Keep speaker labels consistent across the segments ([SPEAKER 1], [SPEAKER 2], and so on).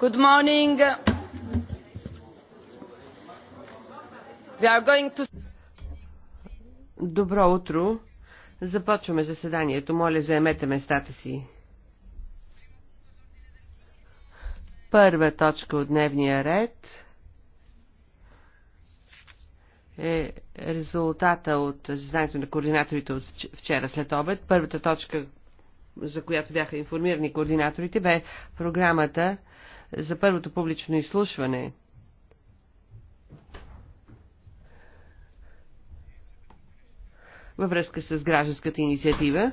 [SPEAKER 1] Good morning. We are
[SPEAKER 2] going to... Добро утро. Започваме заседанието. Моля, заемете местата си. Първа точка от дневния ред е резултата от заседанието на координаторите от вчера след обед. Първата точка, за която бяха информирани координаторите, бе програмата за първото публично изслушване. Във връзка с гражданската инициатива,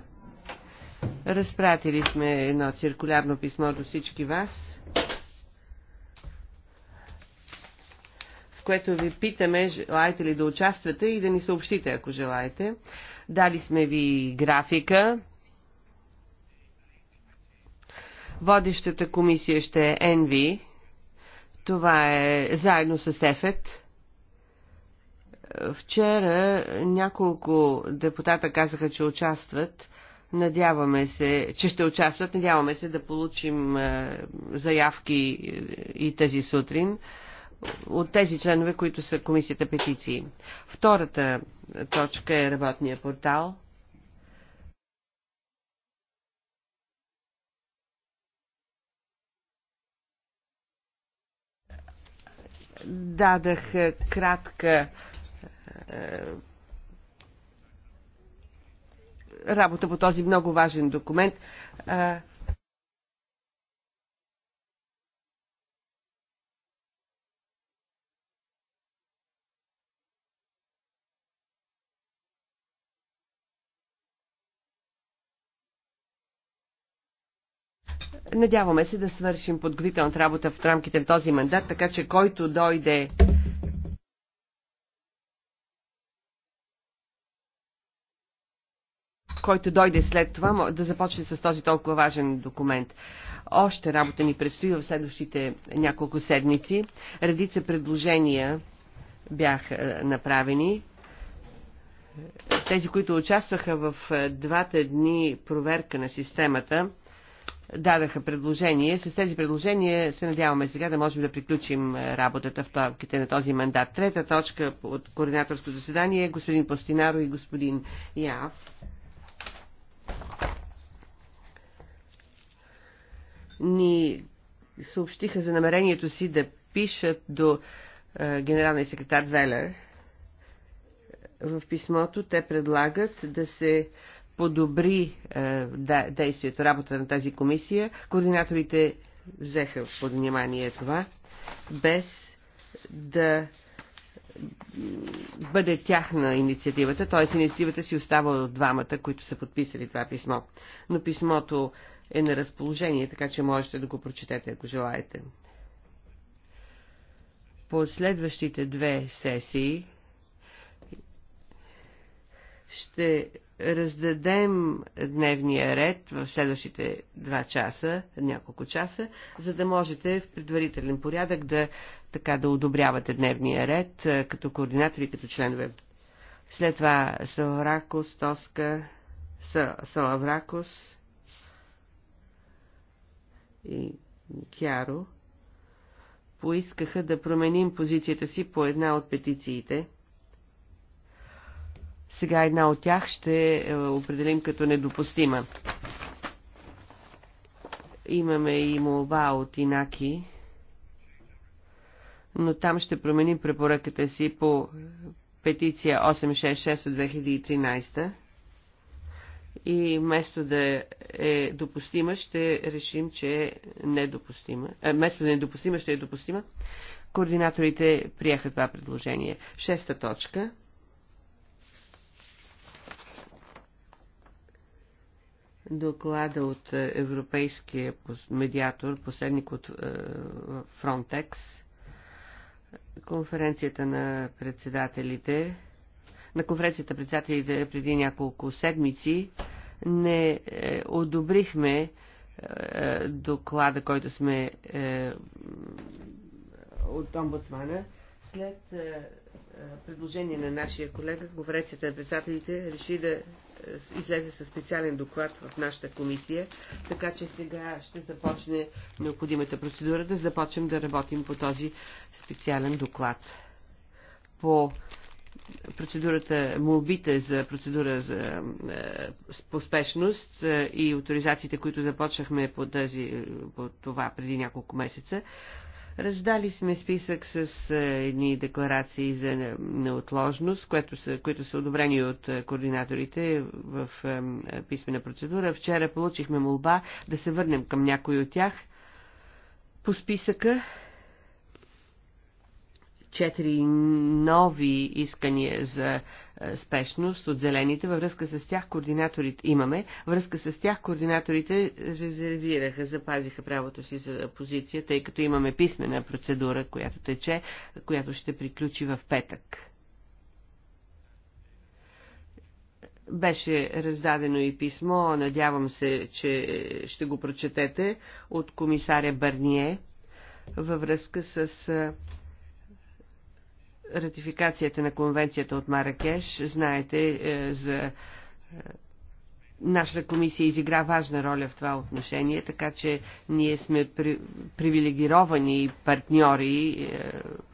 [SPEAKER 2] разпратили сме едно циркулярно писмо до всички вас което ви питаме, желаете ли да участвате и да ни съобщите, ако желаете. Дали сме ви графика. Водещата комисия ще е Енви. Това е заедно с ЕФЕТ. Вчера няколко депутата казаха, че участват. Надяваме се, че ще участват. Надяваме се да получим е, заявки е, и тази сутрин от тези членове, които са комисията петиции. Втората точка е работния портал. Дадах е, кратка е, работа по този много важен документ. Е, Надяваме се да свършим подготвителната работа в рамките на този мандат, така че който дойде който дойде след това, да започне с този толкова важен документ. Още работа ни предстои в следващите няколко седмици. Редица предложения бяха е, направени. Тези, които участваха в е, двата дни проверка на системата, дадаха предложение. С тези предложения се надяваме сега да можем да приключим е, работата в рамките на този мандат. Трета точка от координаторско заседание е господин Постинаро и господин Яв. Ни съобщиха за намерението си да пишат до е, генералния секретар Велер. В писмото те предлагат да се подобри е, действието, работа на тази комисия. Координаторите взеха под внимание това, без да бъде тяхна инициативата, т.е. инициативата си остава от двамата, които са подписали това писмо. Но писмото е на разположение, така че можете да го прочетете, ако желаете. По следващите две сесии ще раздадем дневния ред в следващите два часа, няколко часа, за да можете в предварителен порядък да, така, да одобрявате дневния ред е, като координатори, като членове. След това Салавракос, Тоска, Салавракос и Кяро поискаха да променим позицията си по една от петициите – сега една от тях ще е, определим като недопустима. Имаме и молба от Инаки, но там ще променим препоръката си по петиция 866 от 2013 и вместо да е допустима, ще решим, че е недопустима. Е, вместо да е недопустима, ще е допустима. Координаторите приеха това предложение. Шеста точка. доклада от е, европейския медиатор, последник от е, Frontex, конференцията на председателите, на конференцията председателите преди няколко седмици, не е, одобрихме доклада, който сме от омбудсмана, след е, предложение на нашия колега, говорецата на председателите реши да е, излезе със специален доклад в нашата комисия, така че сега ще започне необходимата процедура да започнем да работим по този специален доклад. По процедурата, молбите за процедура за е, поспешност и авторизациите, които започнахме по, тази, по това преди няколко месеца, Раздали сме списък с е, едни декларации за неотложност, което са, които са одобрени от е, координаторите в е, писмена процедура. Вчера получихме молба да се върнем към някой от тях по списъка четири нови искания за е, спешност от зелените. Във връзка с тях координаторите имаме. Връзка с тях координаторите резервираха, запазиха правото си за позиция, тъй като имаме писмена процедура, която тече, която ще приключи в петък. Беше раздадено и писмо, надявам се, че ще го прочетете, от комисаря Бърние във връзка с е, ратификацията на конвенцията от Маракеш. Знаете е, за е, нашата комисия изигра важна роля в това отношение, така че ние сме при, привилегировани партньори е,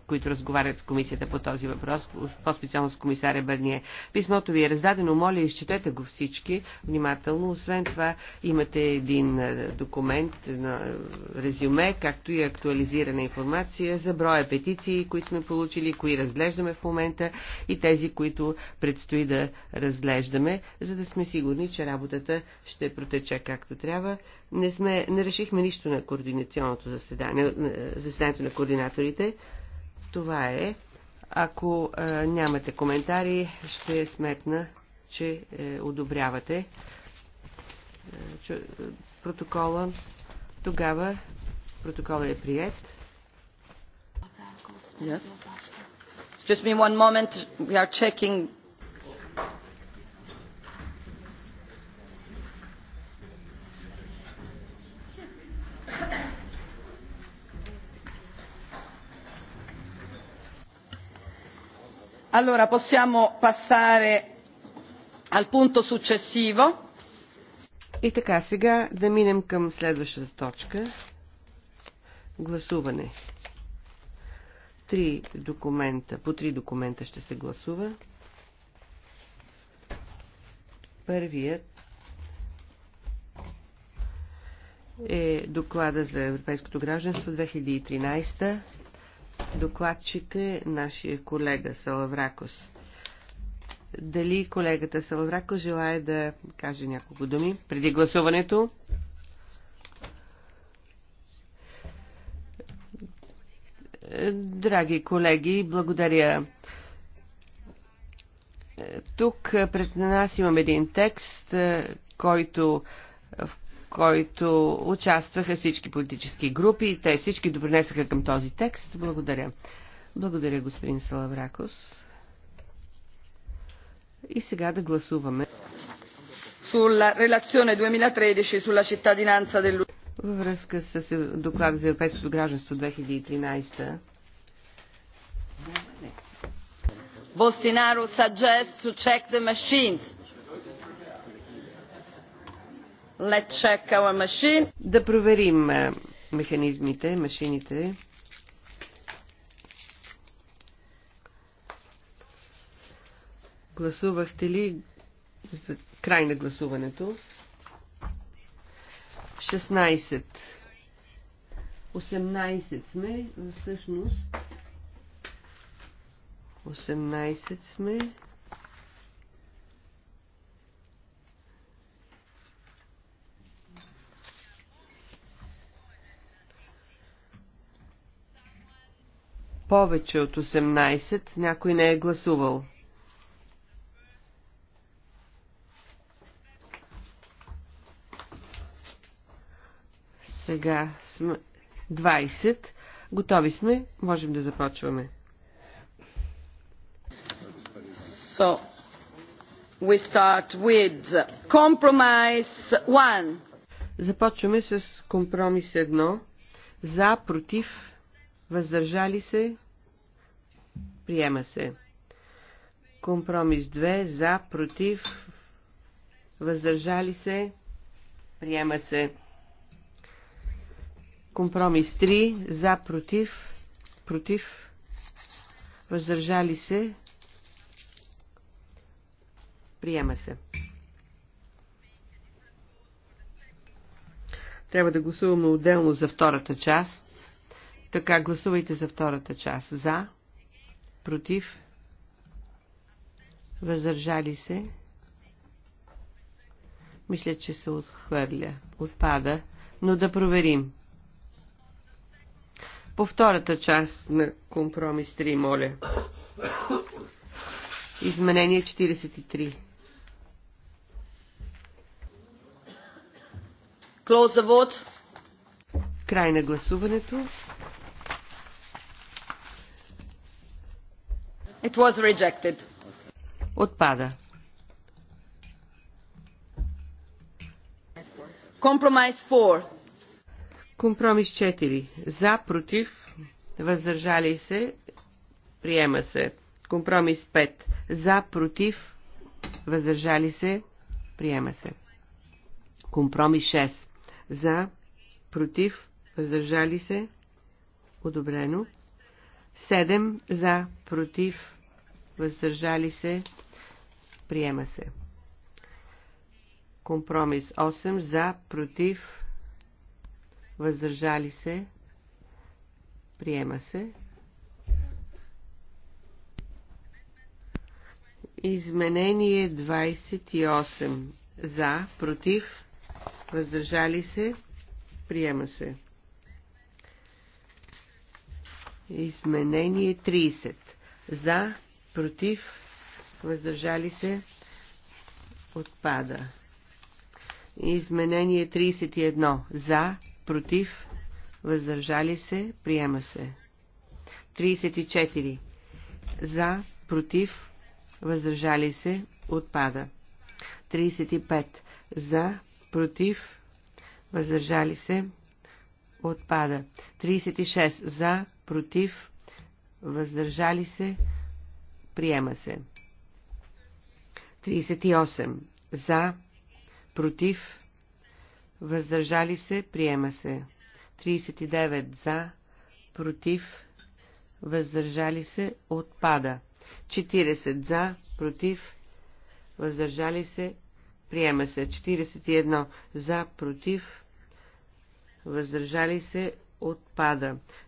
[SPEAKER 2] които разговарят с комисията по този въпрос, по-специално с комисаря Бърние. Писмото ви е раздадено, моля, изчетете го всички внимателно. Освен това, имате един е, документ на резюме, както и актуализирана информация за броя петиции, които сме получили, кои разглеждаме в момента и тези, които предстои да разглеждаме, за да сме сигурни, че работата ще протече както трябва. Не, сме, не решихме нищо на координационното заседание, е, заседанието на координаторите. Това е. Ако е, нямате коментари, ще сметна, че е, одобрявате е, е протокола. Тогава протокола е прият. Yes. Just me one moment. We
[SPEAKER 1] are checking allora possiamo passare al punto
[SPEAKER 2] successivo и така, сега да минем към следващата точка. Гласуване. Три документа, по три документа ще се гласува. Първият е доклада за европейското гражданство 2013. Докладчик е нашия колега Салавракос. Дали колегата Салавракос желая да каже няколко думи преди гласуването? Драги колеги, благодаря. Тук пред нас имам един текст, който в който участваха всички политически групи и те всички допринесаха към този текст. Благодаря. Благодаря, господин Салавракос. И сега да гласуваме. Във връзка с доклад за европейското гражданство 2013.
[SPEAKER 1] Bolsonaro suggests to check the machines.
[SPEAKER 2] Let's check our machine. Да проверим е, механизмите, машините. Гласувахте ли за край на гласуването? 16. 18 сме, всъщност. 18 сме. повече от 18, някой не е гласувал. Сега сме 20. Готови сме, можем да започваме. So, we start with compromise one. Започваме с компромис 1. За, против, въздържали се, приема се. Компромис 2 за, против, въздържали се, приема се. Компромис 3 за, против, против, въздържали се, приема се. Трябва да гласуваме отделно за втората част. Така, гласувайте за втората част. За, против, въздържали се. Мисля, че се отхвърля. Отпада. Но да проверим. По втората част на компромис 3, моля. Изменение 43. Close the vote. Край на гласуването.
[SPEAKER 1] It was rejected.
[SPEAKER 2] Отпада. Компромис 4. Компромис 4. За, против, въздържали се, приема се. Компромис 5. За, против, въздържали се, приема се. Компромис 6. За, против, въздържали се, одобрено. 7 за, против, въздържали се, приема се. Компромис 8 за, против, въздържали се, приема се. Изменение 28 за, против, въздържали се, приема се. Изменение 30. За, против, въздържали се, отпада. Изменение 31. За, против, въздържали се, приема се. 34. За, против, въздържали се, отпада. 35. За, против, въздържали се, отпада. 36. За, против, въздържали се, приема се. 38. За, против, въздържали се, приема се. 39. За, против, въздържали се, отпада. 40. За, против, въздържали се, приема се. 41. За, против, въздържали се, отпада.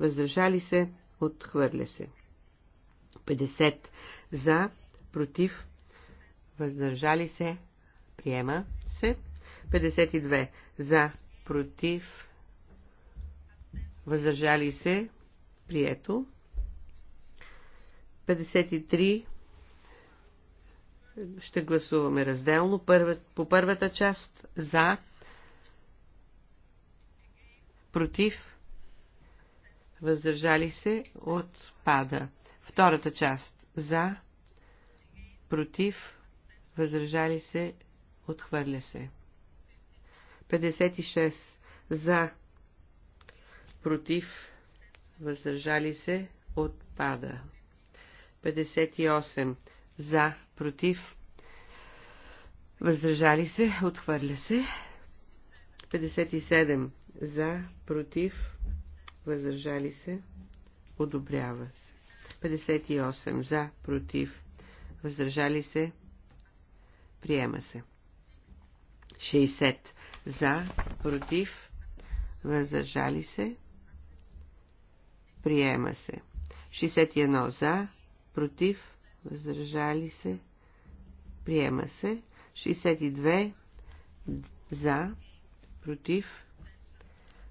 [SPEAKER 2] въздържали се, отхвърля се. 50 за, против, въздържали се, приема се. 52 за, против, въздържали се, прието. 53 ще гласуваме разделно. Първа, по първата част за, против, въздържали се, отпада. Втората част за, против, въздържали се, отхвърля се. 56. За, против, въздържали се, отпада. 58. За, против, въздържали се, отхвърля се. 57. За, против, въздържали се, одобрява се. 58 за, против, въздържали се, приема се. 60 за, против, въздържали се, приема се. 61 за, против, въздържали се, приема се. 62 за, против,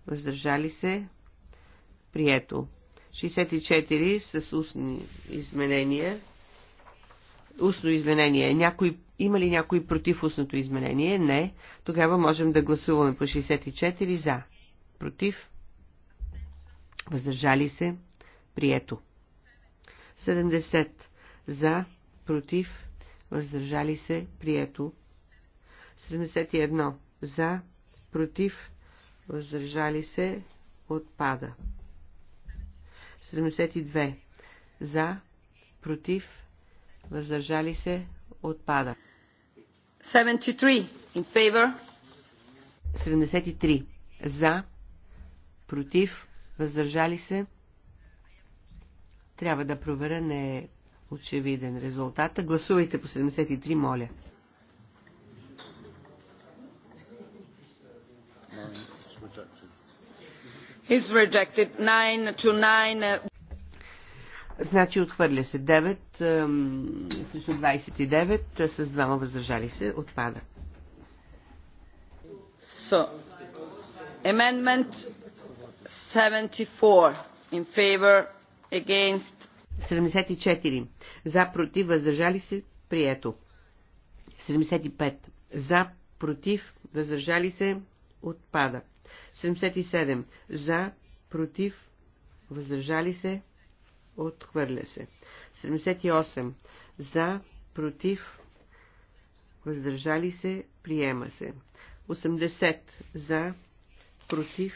[SPEAKER 2] въздържали се, Прието. 64 с устни изменения. Устно изменение. Някой, има ли някой против устното изменение? Не. Тогава можем да гласуваме по 64 за. Против. Въздържали се. Прието. 70 за. Против. Въздържали се. Прието. 71 за. Против. Въздържали се. Отпада. 72. За, против, въздържали се, отпада. 73. In favor. 73. За, против, въздържали се. Трябва да проверя, не е очевиден резултата. Гласувайте по 73, моля.
[SPEAKER 1] is rejected. 9 to 9.
[SPEAKER 2] Uh, значи отхвърля се 9 срещу 29 с двама въздържали се. Отпада. So,
[SPEAKER 1] amendment 74 in favor against
[SPEAKER 2] 74. За, против, въздържали се, прието. 75. За, против, въздържали се, отпада. 77. За, против, въздържали се, отхвърля се. 78. За, против, въздържали се, приема се. 80. За, против,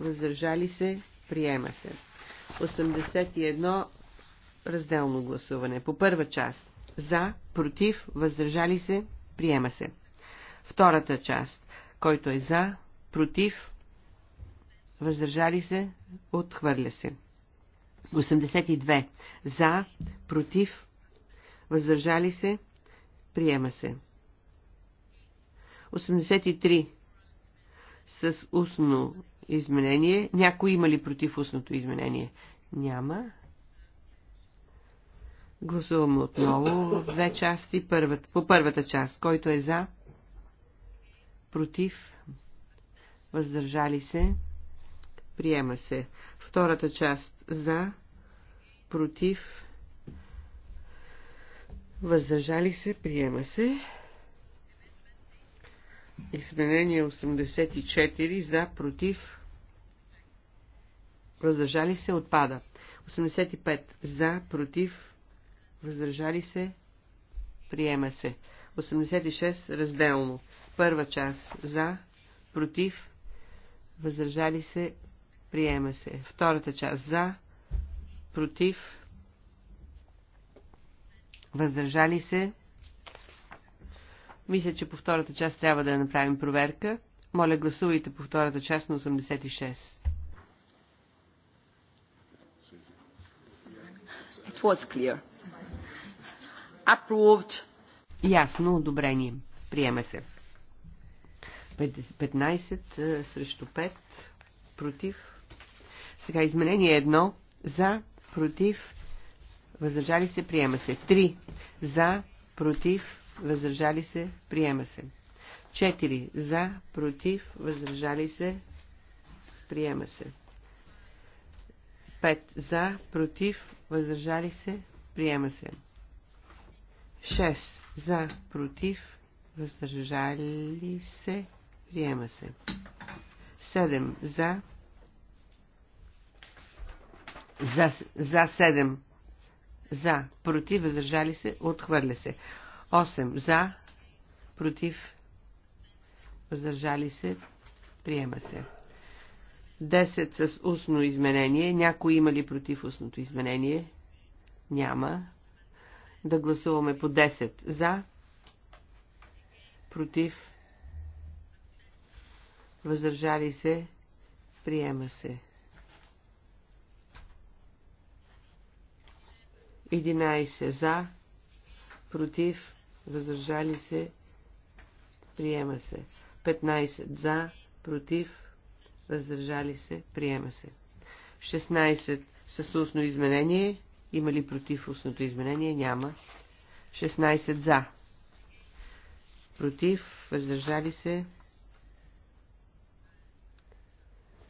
[SPEAKER 2] въздържали се, приема се. 81. Разделно гласуване. По първа част. За, против, въздържали се, приема се. Втората част. Който е за, против, въздържали се, отхвърля се. 82. За, против, въздържали се, приема се. 83. С устно изменение. Някой има ли против устното изменение? Няма. Гласуваме отново в две части. Първата, по първата част. Който е за? Против? Въздържали се? Приема се. Втората част за, против, въздържали се, приема се. Изменение 84 за, против, въздържали се, отпада. 85 за, против, въздържали се, приема се. 86 разделно. Първа част за, против, въздържали се, Приема се. Втората част за, против, въздържали се. Мисля, че по втората част трябва да направим проверка. Моля, гласувайте по втората част на 86. It was clear. Approved. Ясно, одобрение. Приема се. 15 е, срещу 5 против сега изменение 1 за, против, въздържали се, приема се. 3 за, против, въздържали се, приема се. 4 за, против, въздържали се, приема се. 5 за, против, въздържали се, приема се. 6 за, против, въздържали се, приема се. 7 за, за, за 7. За. Против. Въздържали се. Отхвърля се. 8. За. Против. Въздържали се. Приема се. 10 с устно изменение. Някой има ли против устното изменение? Няма. Да гласуваме по 10. За. Против. Въздържали се. Приема се. 11 за, против, въздържали се, приема се. 15 за, против, въздържали се, приема се. 16 с устно изменение, има ли против устното изменение? Няма. 16 за, против, въздържали се,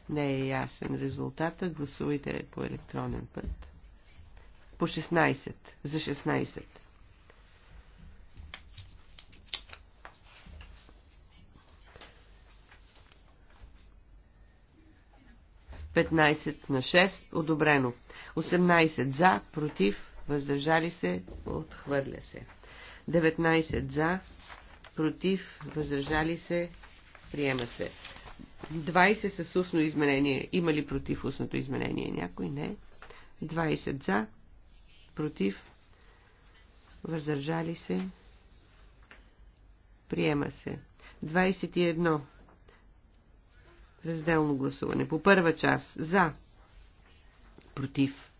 [SPEAKER 2] не е ясен резултата, гласувайте по електронен път по 16, за 16. 15 на 6, одобрено. 18 за, против, въздържали се, отхвърля се. 19 за, против, въздържали се, приема се. 20 с устно изменение. Има ли против устното изменение някой? Не. 20 за, против, въздържали се, приема се. 21. Разделно гласуване. По първа част. За. Против.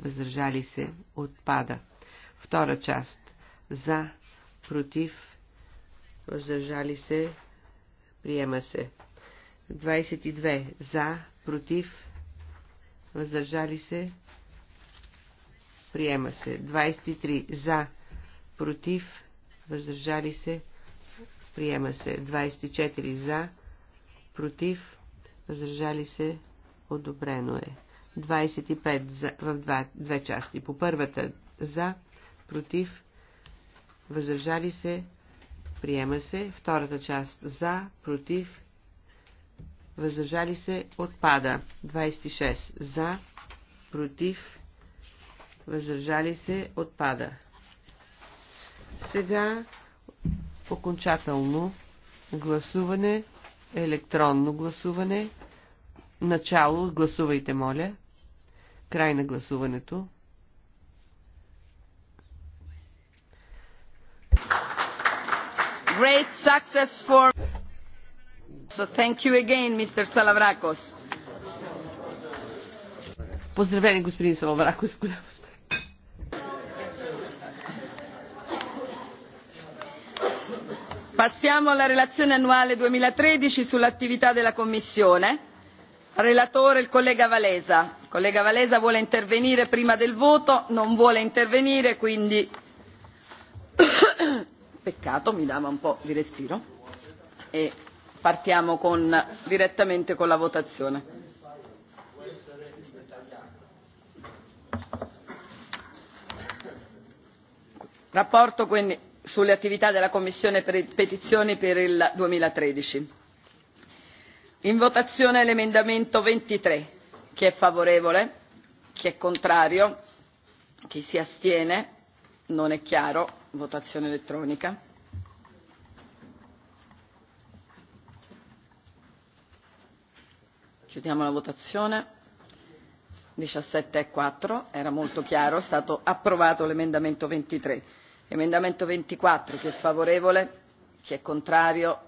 [SPEAKER 2] Въздържали се. Отпада. Втора част. За. Против. Въздържали се. Приема се. 22. За. Против. Въздържали се приема се. 23 за, против, въздържали се, приема се. 24 за, против, въздържали се, одобрено е. 25 за, в два, две части. По първата за, против, въздържали се, приема се. Втората част за, против, въздържали се, отпада. 26 за, против, въздържали се, отпада. Сега окончателно гласуване, електронно гласуване. Начало, гласувайте, моля. Край на гласуването.
[SPEAKER 1] Great success for... So thank you again, Mr. Salavrakos.
[SPEAKER 2] Поздравени, господин Салавракос. с голямо
[SPEAKER 1] passiamo alla relazione annuale duemilatredici sull'attività della commissione relatore il collega wasa il collega wasa vuole intervenire prima del voto non vuole intervenire quindi peccato mi dava un po' di respiro e partiamo con, direttamente con la votazione. Rapporto quindi sulle attività della commissione per petizioni per il duemilatredici in votazione l'emendamento ventitré chi è favorevole chi è contrario chi si astiene non è chiaro votazione elettronica chiudiamo la votazione diciassette e quattro era molto chiaro è stato approvato l'emendamento ventitré emendamento ventiquattro chi è favorevole chi è contrario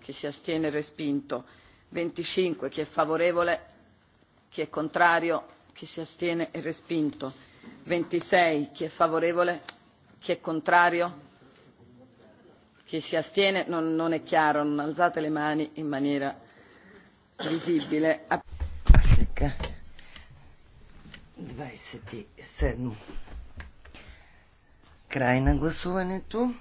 [SPEAKER 1] chi si astiene respinto venticinque chi è favorevole chi è contrario chi si astiene è respinto ventisei chi è favorevole chi è contrario chi si astiene non, non è chiaro non alzate le mani in maniera
[SPEAKER 3] visibile 27 Край на гласуването.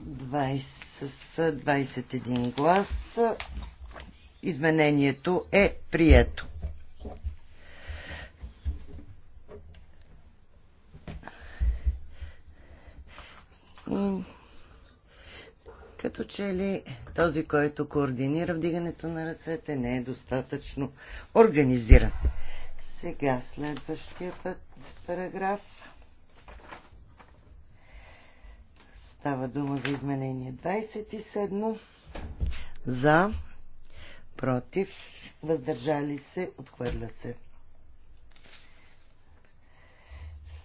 [SPEAKER 3] 20, с 21 глас. Изменението е прието. И като че ли този, който координира вдигането на ръцете, не е достатъчно организиран. Сега следващия път параграф. Става дума за изменение 27. За, против, въздържали се, отхвърля се.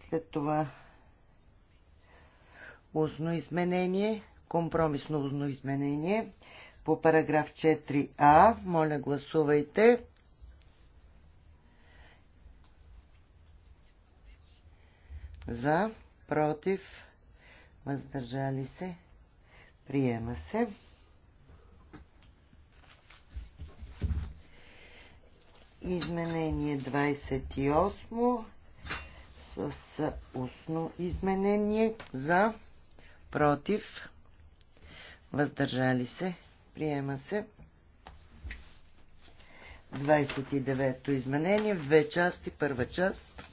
[SPEAKER 3] След това устно изменение, компромисно устно изменение по параграф 4а. Моля, гласувайте. За, против, въздържали се, приема се. Изменение 28 с устно изменение за, против, въздържали се, приема се. 29-то изменение в две части, първа част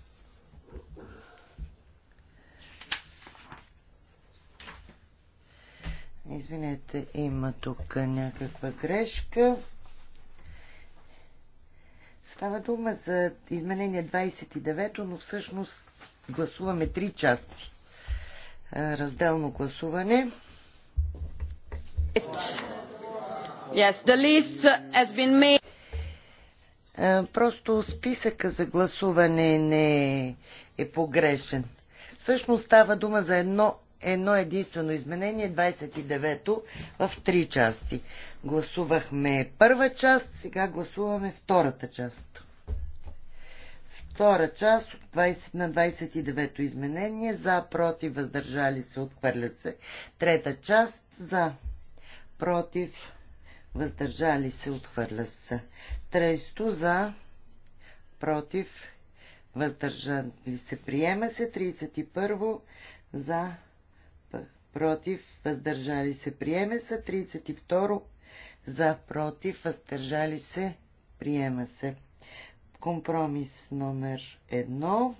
[SPEAKER 3] Извинете, има тук някаква грешка. Става дума за изменение 29, но всъщност гласуваме три части. Разделно гласуване. Yes, the list has been made. Просто списъка за гласуване не е погрешен. Всъщност става дума за едно едно единствено изменение, 29-то в три части. Гласувахме първа част, сега гласуваме втората част. Втора част от 20 на 29-то изменение, за, против, въздържали се, отхвърля се. Трета част, за, против, въздържали се, отхвърля се. Тресто за, против, въздържали се, приема се. 31 за, против, въздържали се, приема се. 32 за, против, въздържали се, приема се. Компромис номер 1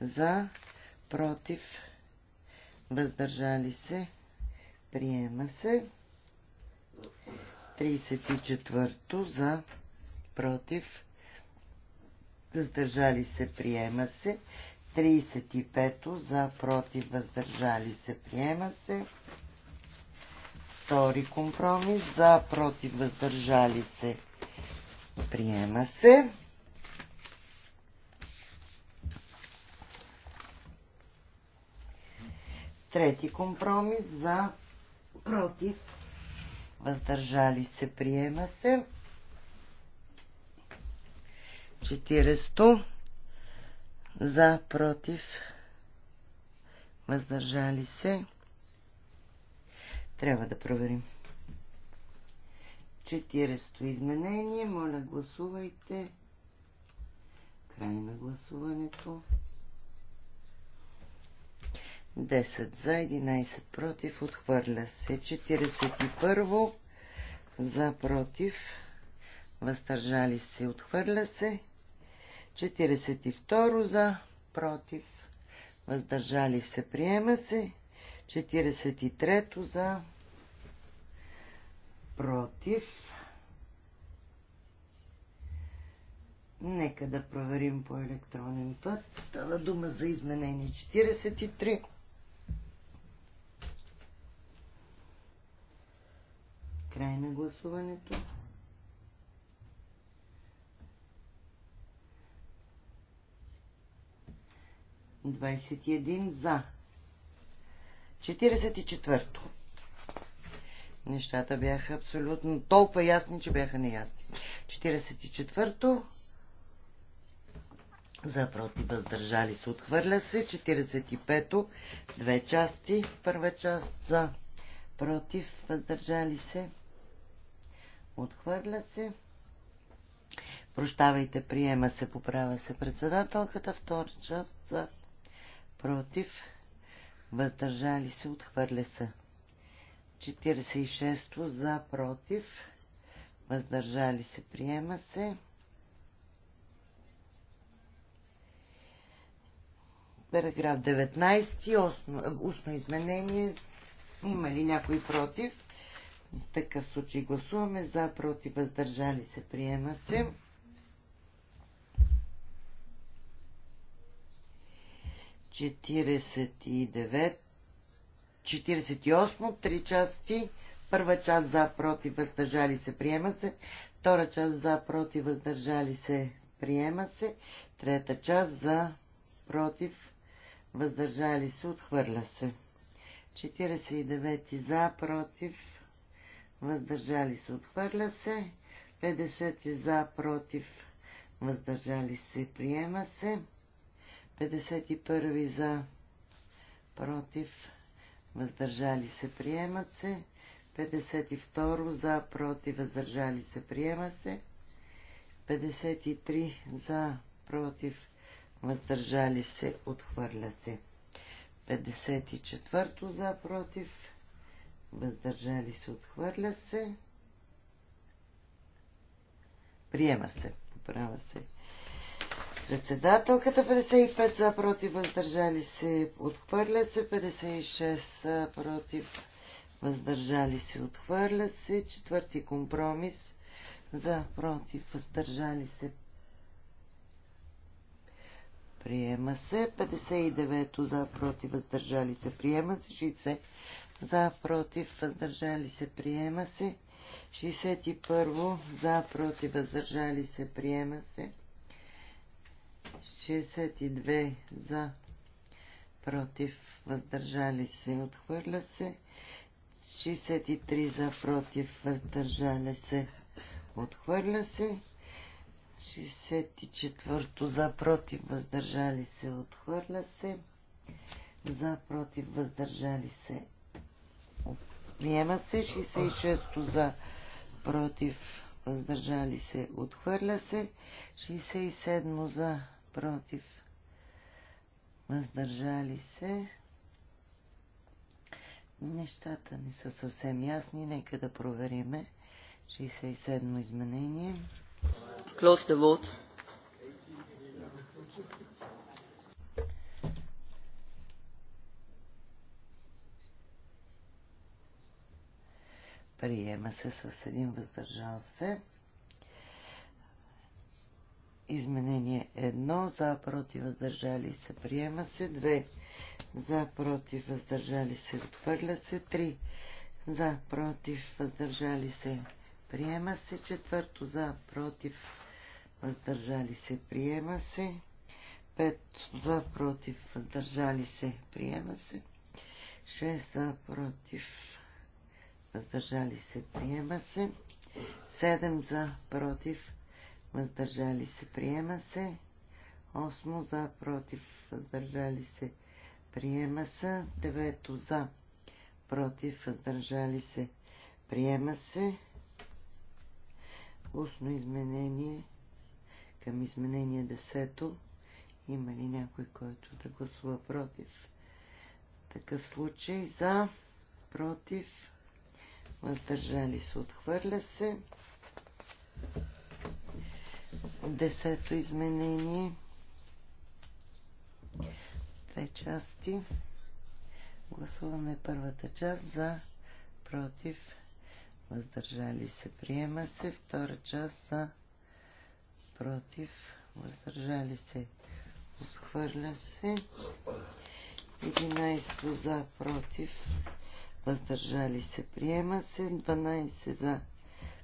[SPEAKER 3] за, против, въздържали се, приема се. 34 за, против, въздържали се, приема се. 35 за против въздържали се приема се. Втори компромис за против въздържали се приема се. Трети компромис за против въздържали се приема се. 40 за, против, въздържали се. Трябва да проверим. 40-то изменение. Моля, гласувайте. Край на гласуването. 10 за, 11 против. Отхвърля се. 41 за, против. Въздържали се. Отхвърля се. 42 за, против, въздържали се, приема се. 43 за, против. Нека да проверим по електронен път. Става дума за изменение 43. Край на гласуването. 21 за. 44-то. Нещата бяха абсолютно толкова ясни, че бяха неясни. 44-то. За против въздържали се отхвърля се. 45-то. Две части. Първа част за против въздържали се. Отхвърля се. Прощавайте, приема се, поправя се председателката. Втора част за против, въздържали се, отхвърля се. 46 за, против, въздържали се, приема се. Параграф 19, устно изменение. Има ли някой против? В такъв случай гласуваме за, против, въздържали се, приема се. 49, 48, три части. Първа част за, против, въздържали се, приема се. Втора част за, против, въздържали се, приема се. Трета част за, против, въздържали се, отхвърля се. 49 за, против, въздържали се, отхвърля се. 50 за, против, въздържали се, приема се. 51 за, против, въздържали се, приема се. 52 за, против, въздържали се, приема се. 53 за, против, въздържали се, отхвърля се. 54 за, против, въздържали се, отхвърля се. Приема се, поправя се. Председателката 55 за против въздържали се отхвърля се, 56 против въздържали се отхвърля се, четвърти компромис за против въздържали се приема се, 59 за против въздържали се приема се, 60 за против въздържали се приема се, 61 за против въздържали се приема се. 62 за, против, въздържали се, отхвърля се. 63 за, против, въздържали се, отхвърля се. 64 за, против, въздържали се, отхвърля се. За, против, въздържали се, приема се. 66 за, против, въздържали се, отхвърля се. 67 за, против, въздържали се. Нещата не са съвсем ясни. Нека да провериме. 67 изменение.
[SPEAKER 1] Close the vote.
[SPEAKER 3] Приема се с един въздържал се. Изменение 1. За, против, въздържали се. Приема се. 2. За, против, въздържали се. Отхвърля се. 3. За, против, въздържали се. Приема се. Четвърто. За, против, въздържали се. Приема се. 5. За, против, въздържали се. Приема се. 6. За, против, въздържали се. Приема се. 7. За, против, въздържали се, приема се. Осмо за, против, въздържали се, приема се. Девето за, против, въздържали се, приема се. Устно изменение към изменение десето. Има ли някой, който да гласува против? такъв случай за, против, въздържали се, отхвърля се. Десето изменение. Две части. Гласуваме първата част за, против, въздържали се, приема се. Втора част за, против, въздържали се, отхвърля се. 11 за, против, въздържали се, приема се. 12 за,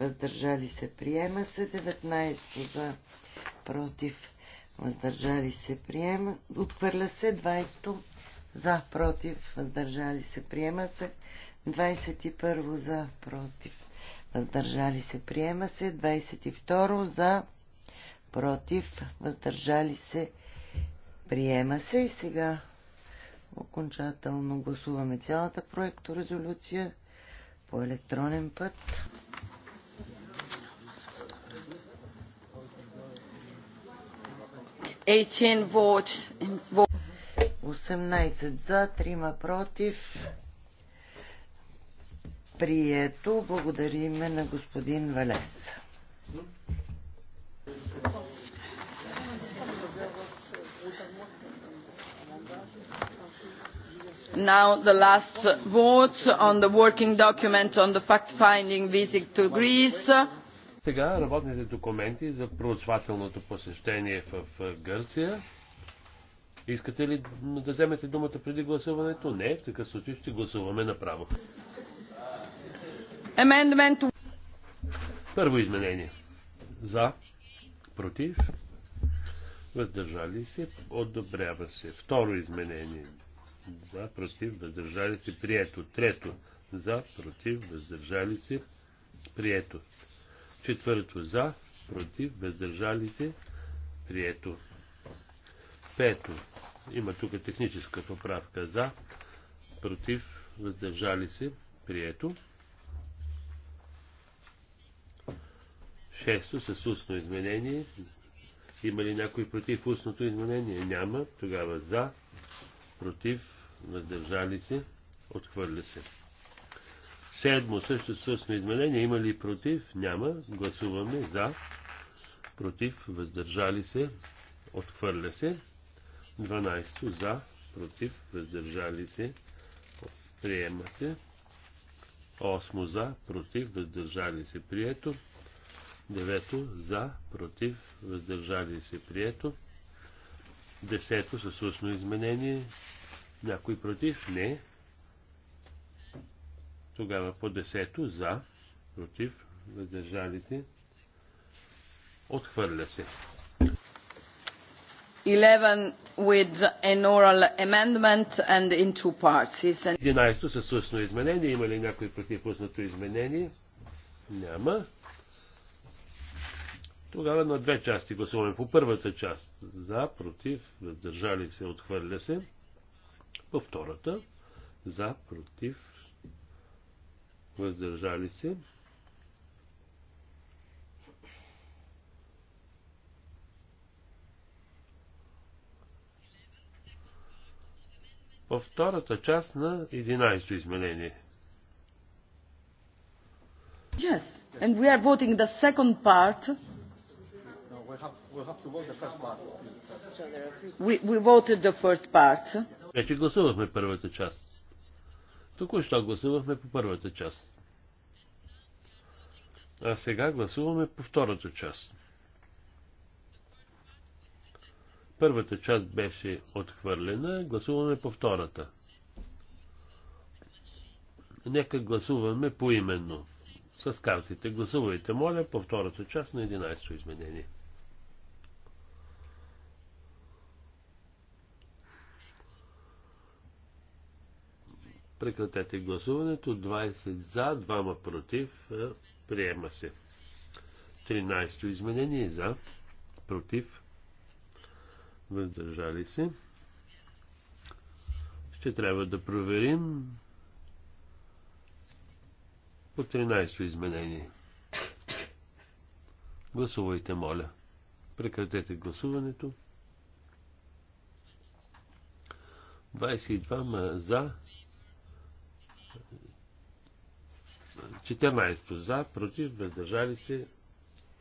[SPEAKER 3] въздържали се, приема се. 19 за, против, въздържали се, приема. Отхвърля се 20 за, против, въздържали се, приема се. 21 за, против, въздържали се, приема се. 22 за, против, въздържали се, приема се. И сега окончателно гласуваме цялата проекторезолюция по електронен път. 18 за, 3 против. Прието. Благодариме на господин Валес.
[SPEAKER 1] now the last votes on the working document on the fact finding visit to greece.
[SPEAKER 4] Сега работните документи за проучвателното посещение в Гърция. Искате ли да вземете думата преди гласуването? Не, в такъв случай ще гласуваме направо.
[SPEAKER 1] Amendment.
[SPEAKER 4] Първо изменение. За, против, въздържали се, одобрява се. Второ изменение. За, против, въздържали се, прието. Трето. За, против, въздържали се, прието. Четвърто за, против, въздържали се, прието. Пето. Има тук техническа поправка за, против, въздържали се, прието. Шесто с устно изменение. Има ли някой против устното изменение? Няма. Тогава за, против, въздържали се, отхвърля се. Седмо, също сусно изменение. Има ли против? Няма. Гласуваме за. Против. Въздържали се. Отхвърля се. 12. За. Против. Въздържали се. Приема се. 8. За. Против. Въздържали се. Прието. 9. За. Против. Въздържали се. Прието. 10. Със устно изменение. Някой против? Не. Тогава по десето за, против, въздържали се, отхвърля се.
[SPEAKER 1] 11 with an oral amendment and in two parts. An...
[SPEAKER 4] 11 със устно изменение. Има ли някой против устното изменение? Няма. Тогава на две части гласуваме. По първата част за, против, въздържали се, отхвърля се. По втората за, против, въздържали се. По втората част на 11-то изменение.
[SPEAKER 1] Yes, and we are voting the second part. No, we have, we have to vote the first part. We, we voted the first part.
[SPEAKER 4] Вече гласувахме първата част. Току-що гласувахме по първата част. А сега гласуваме по втората част. Първата част беше отхвърлена, гласуваме по втората. Нека гласуваме поименно. С картите гласувайте, моля, по втората част на 11-то изменение. Прекратете гласуването. 20 за, 2 против. Е, приема се. 13-то изменение за, против. Въздържали се. Ще трябва да проверим по 13-то изменение. Гласувайте, моля. Прекратете гласуването. 22 за, 14 за, против, въздържали се,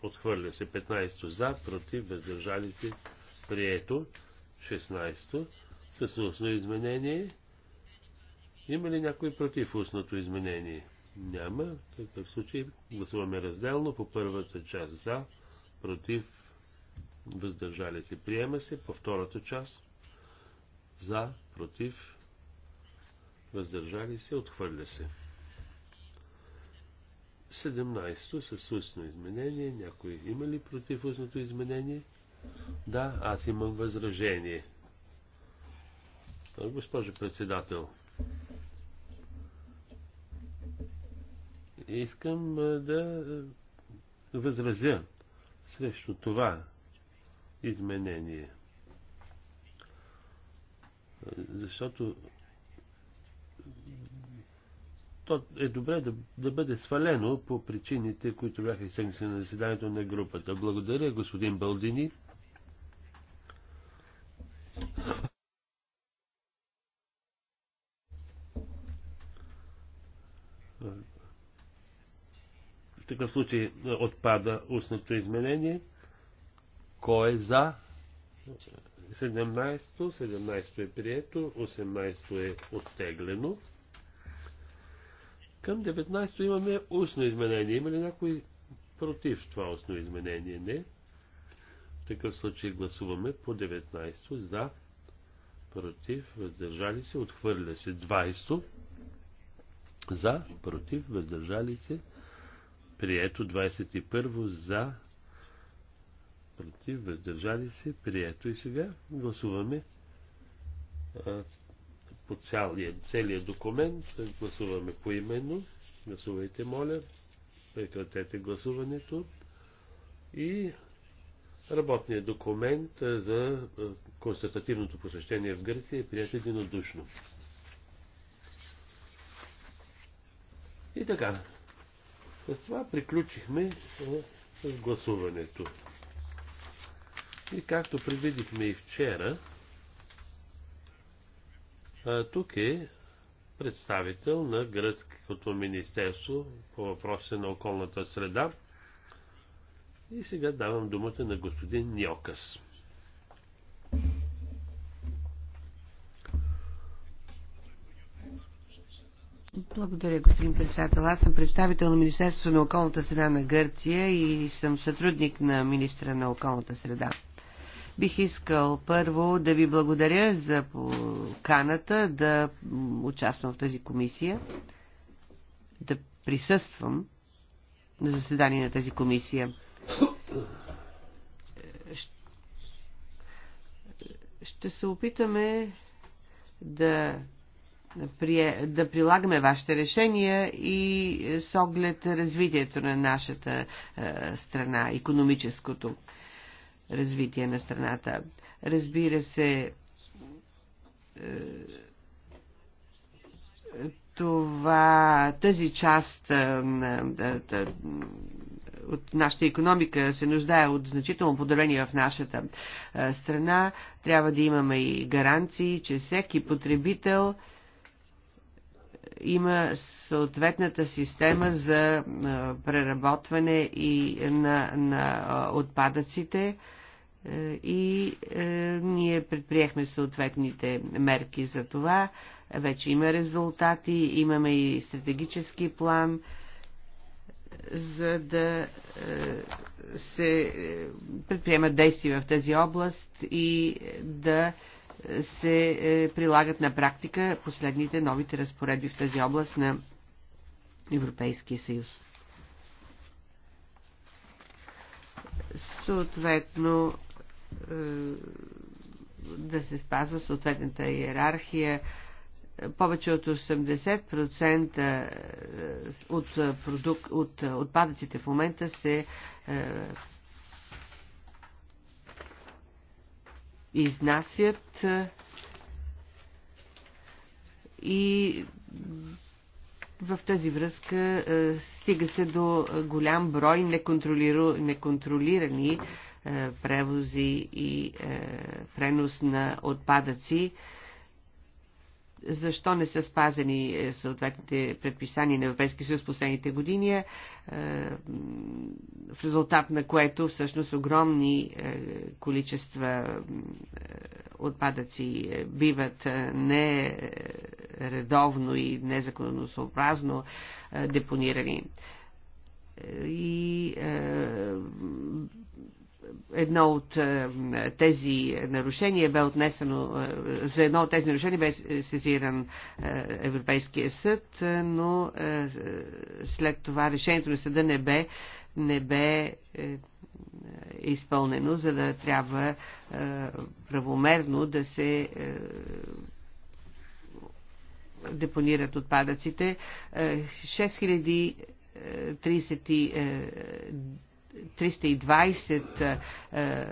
[SPEAKER 4] отхвърля се. 15 за, против, въздържали се, прието. 16 с устно изменение. Има ли някой против устното изменение? Няма. В такъв случай гласуваме разделно по първата част за, против, въздържали се, приема се. По втората част за, против, въздържали се, отхвърля се. 17-то с устно изменение. Някой има ли против устното изменение? Да, аз имам възражение. Госпожо председател, искам да възразя срещу това изменение. Защото то е добре да, да бъде свалено по причините, които бяха изтъкнати на заседанието на групата. Благодаря, господин Балдини. В такъв случай отпада устното изменение. Кой е за? 17, 17 е прието, 18 е оттеглено. Към 19 имаме устно изменение. Има ли някой против това устно изменение? Не. В такъв случай гласуваме по 19 за, против, въздържали се, отхвърля се 20 за, против, въздържали се, прието 21 за, против, въздържали се, прието и сега гласуваме а, по целият, целият документ, гласуваме поименно, гласувайте, моля, прекратете гласуването и работният документ за констатативното посещение в Гърция е прият единодушно. И така, с това приключихме с гласуването. И както предвидихме и вчера, тук е представител на Гръцкото министерство по въпроси на околната среда. И сега давам думата на господин Ньокас.
[SPEAKER 2] Благодаря, господин председател. Аз съм представител на Министерството на околната среда на Гърция и съм сътрудник на министра на околната среда. Бих искал първо да ви благодаря за каната да участвам в тази комисия, да присъствам на заседание на тази комисия. Ще се опитаме да да прилагаме вашите решения и с оглед развитието на нашата е, страна, економическото развитие на страната. Разбира се, е, това, тази част е, е, от нашата економика се нуждае от значително подобрение в нашата страна. Трябва да имаме и гаранции, че всеки потребител има съответната система за преработване и на, на отпадъците е, и е, ние предприехме съответните мерки за това. Вече има резултати, имаме и стратегически план, за да е, се е, предприемат действия в тази област и да се е, прилагат на практика последните новите разпоредби в тази област на Европейския съюз. Съответно, е, да се спазва съответната иерархия. Повече от 80% е, от, е, продук... от отпадъците в момента се изнасят и в тази връзка стига се до голям брой неконтролирани е, превози и е, пренос на отпадъци. Защо не са спазени е, съответните предписания на Европейския съюз последните години, в резултат на което всъщност огромни количества отпадъци биват нередовно и незаконосообразно депонирани и е, едно от е, тези нарушения бе отнесено, е, за едно от тези нарушения бе сезиран е, Европейския съд, но след това решението на съда не бе, не бе изпълнено, за да трябва правомерно да се депонират отпадъците. 6000 320 е, е,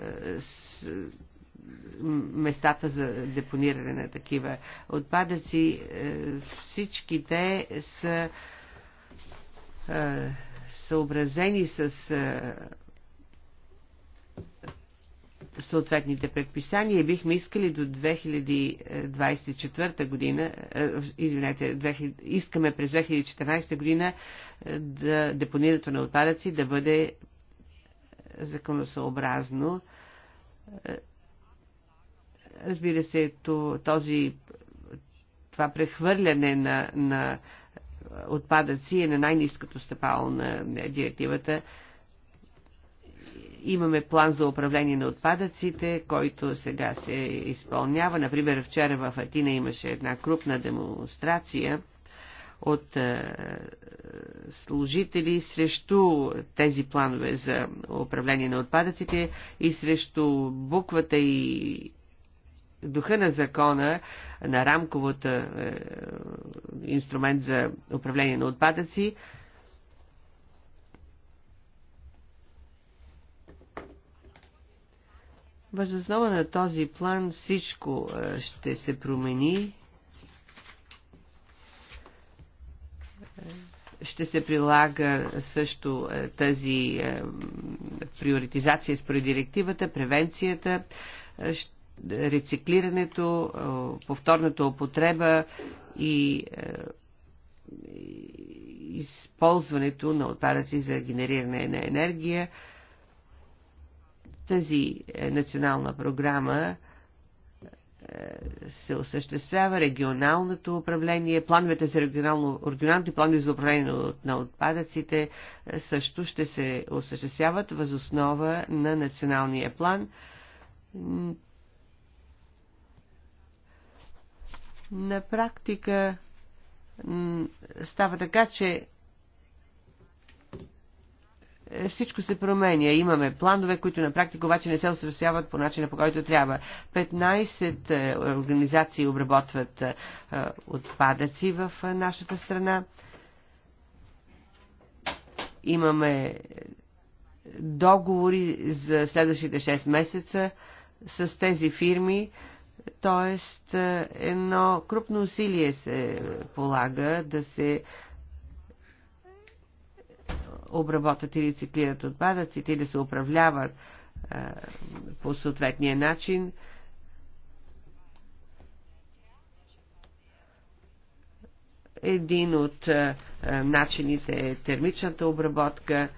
[SPEAKER 2] местата за депониране на такива отпадъци. Е, всичките са съобразени с съответните предписания. Бихме искали до 2024 година, извинете, 2000, искаме през 2014 година да депонирането на отпадъци да бъде законосъобразно. Разбира се, този, това прехвърляне на, на отпадъци е на най-низкото стъпало на директивата. Имаме план за управление на отпадъците, който сега се изпълнява. Например, вчера в Атина имаше една крупна демонстрация – от е, служители срещу тези планове за управление на отпадъците и срещу буквата и духа на закона, на рамковата е, инструмент за управление на отпадъци, Въз основа на този план всичко е, ще се промени ще се прилага също е, тази е, приоритизация според директивата, превенцията, е, рециклирането, повторната употреба и използването на отпадъци за генериране на енергия. Тази национална програма се осъществява регионалното управление, плановете за регионално, регионалните планове за управление на отпадъците е, също ще се осъществяват възоснова на националния план. На практика става така, че е, всичко се променя. Имаме планове, които на практика обаче не се осъществяват по начина по който трябва. 15 е, организации обработват е, отпадъци в нашата страна. Имаме договори за следващите 6 месеца с тези фирми. Тоест, едно крупно усилие се полага да се обработват и рециклират отпадъците и да се управляват е, по съответния начин. Един от е, е, начините е термичната обработка.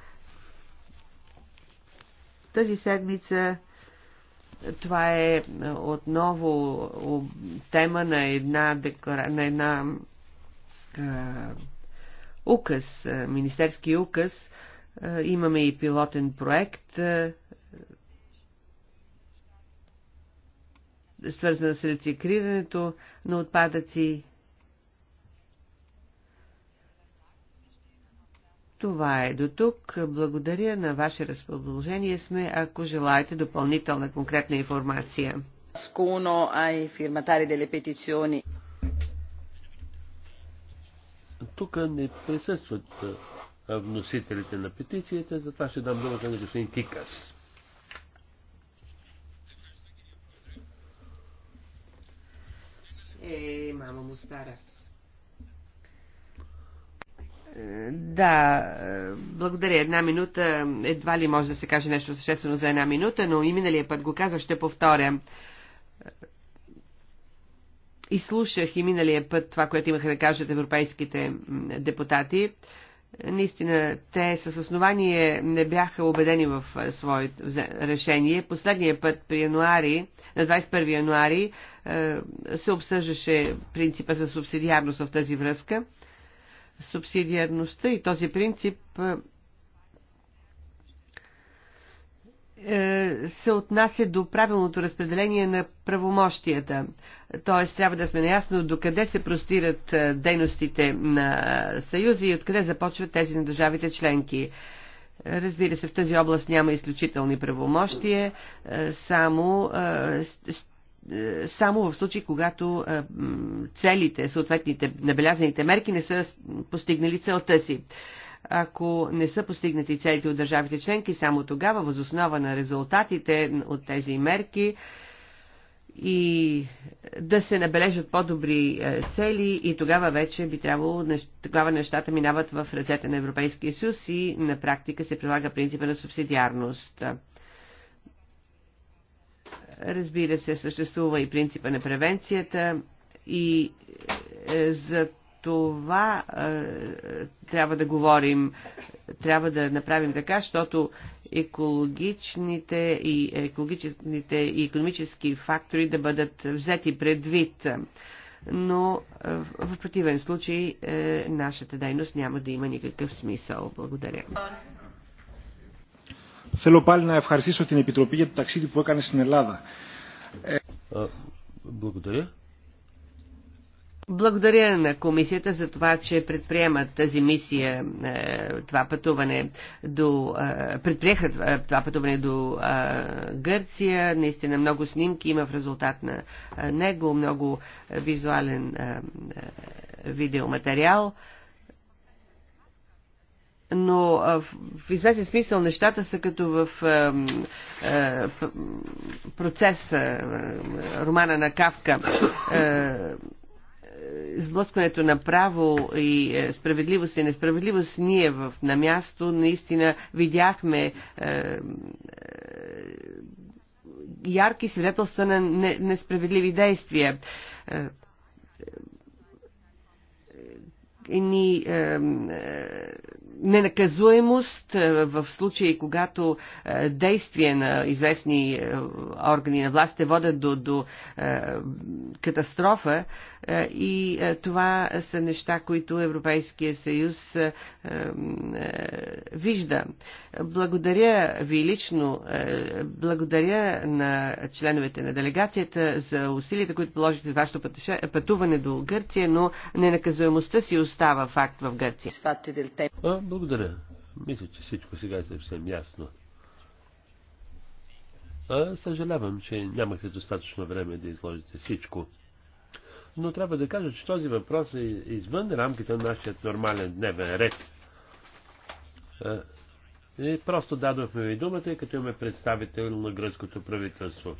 [SPEAKER 2] Тази седмица това е отново тема на една, декора... на една указ, министерски указ. Имаме и пилотен проект, свързан с рециклирането на отпадъци. Това е до тук. Благодаря на ваше разположение сме, ако желаете допълнителна конкретна информация.
[SPEAKER 1] Скуно
[SPEAKER 4] тук не присъстват вносителите на петицията, затова ще дам думата на господин Тикас.
[SPEAKER 2] Е, мама му стара. Е, да, е, благодаря. Една минута, едва ли може да се каже нещо съществено за една минута, но и миналия път го казах, ще повторя изслушах и миналия път това, което имаха да кажат европейските депутати. Наистина, те с основание не бяха убедени в своето решение. Последния път при януари, на 21 януари, се обсъждаше принципа за субсидиарност в тази връзка. Субсидиарността и този принцип Е, се отнася до правилното разпределение на правомощията. Т.е. трябва да сме наясно до къде се простират е, дейностите на Съюза и откъде започват тези на държавите членки. Разбира се, в тази област няма изключителни правомощия, е, само, само в случай, когато целите, съответните набелязаните мерки не са постигнали целта си ако не са постигнати целите от държавите членки, само тогава, възоснова на резултатите от тези мерки, и да се набележат по-добри е, цели и тогава вече би трябвало, тогава нещата минават в ръцете на Европейския съюз и на практика се прилага принципа на субсидиарност. Разбира се, съществува и принципа на превенцията и е, за това е, трябва да говорим, трябва да направим така, защото екологичните и, екологичните и економически фактори да бъдат взети предвид. Но е, в противен случай е, нашата дейност няма да има никакъв смисъл. Благодаря.
[SPEAKER 5] Θέλω πάλι να ευχαριστήσω την Επιτροπή για το ταξίδι που έκανε στην Ελλάδα. Е,
[SPEAKER 4] благодаря.
[SPEAKER 2] Благодаря на комисията за това, че предприемат тази мисия, е, това пътуване до, е, предприеха това пътуване до е, Гърция. Наистина много снимки има в резултат на него, много визуален видеоматериал но в известен смисъл нещата са като в процес романа на Кавка сблъскването на право и е, справедливост и несправедливост, ние в, на място наистина видяхме е, е ярки свидетелства на не, несправедливи действия. Е, е ни е, ненаказуемост е, в случаи, когато е, действия на известни е, органи на те водят до, до катастрофа и това са неща, които Европейския съюз вижда. Благодаря ви лично, благодаря на членовете на делегацията за усилията, които положите за вашето пътуване до Гърция, но ненаказуемостта си остава факт в Гърция благодаря.
[SPEAKER 4] Мисля, че всичко сега е съвсем ясно. А, съжалявам, че нямахте достатъчно време да изложите всичко. Но трябва да кажа, че този въпрос е извън рамките на нашия нормален дневен ред. А, и просто дадохме ви думата, и като имаме представител на гръцкото правителство.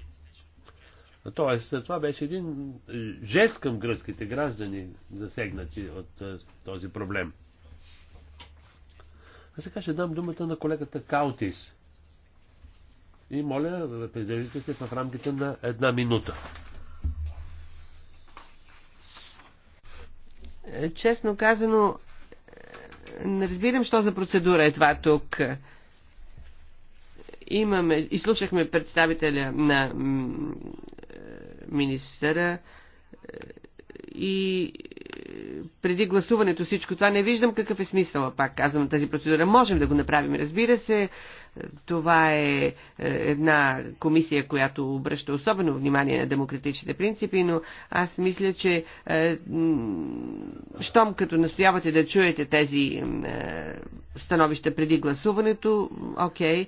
[SPEAKER 4] Тоест, това беше един жест към гръцките граждани, засегнати от този проблем. А сега ще дам думата на колегата Каутис. И моля, придържите се в рамките на една минута.
[SPEAKER 2] Е, честно казано, не разбирам, що за процедура е това тук. Имаме, изслушахме представителя на е, министъра е, и преди гласуването всичко това, не виждам какъв е смисъл, пак казвам, тази процедура. Можем да го направим, разбира се. Това е, е една комисия, която обръща особено внимание на демократичните принципи, но аз мисля, че е, щом като настоявате да чуете тези е, становища преди гласуването, окей,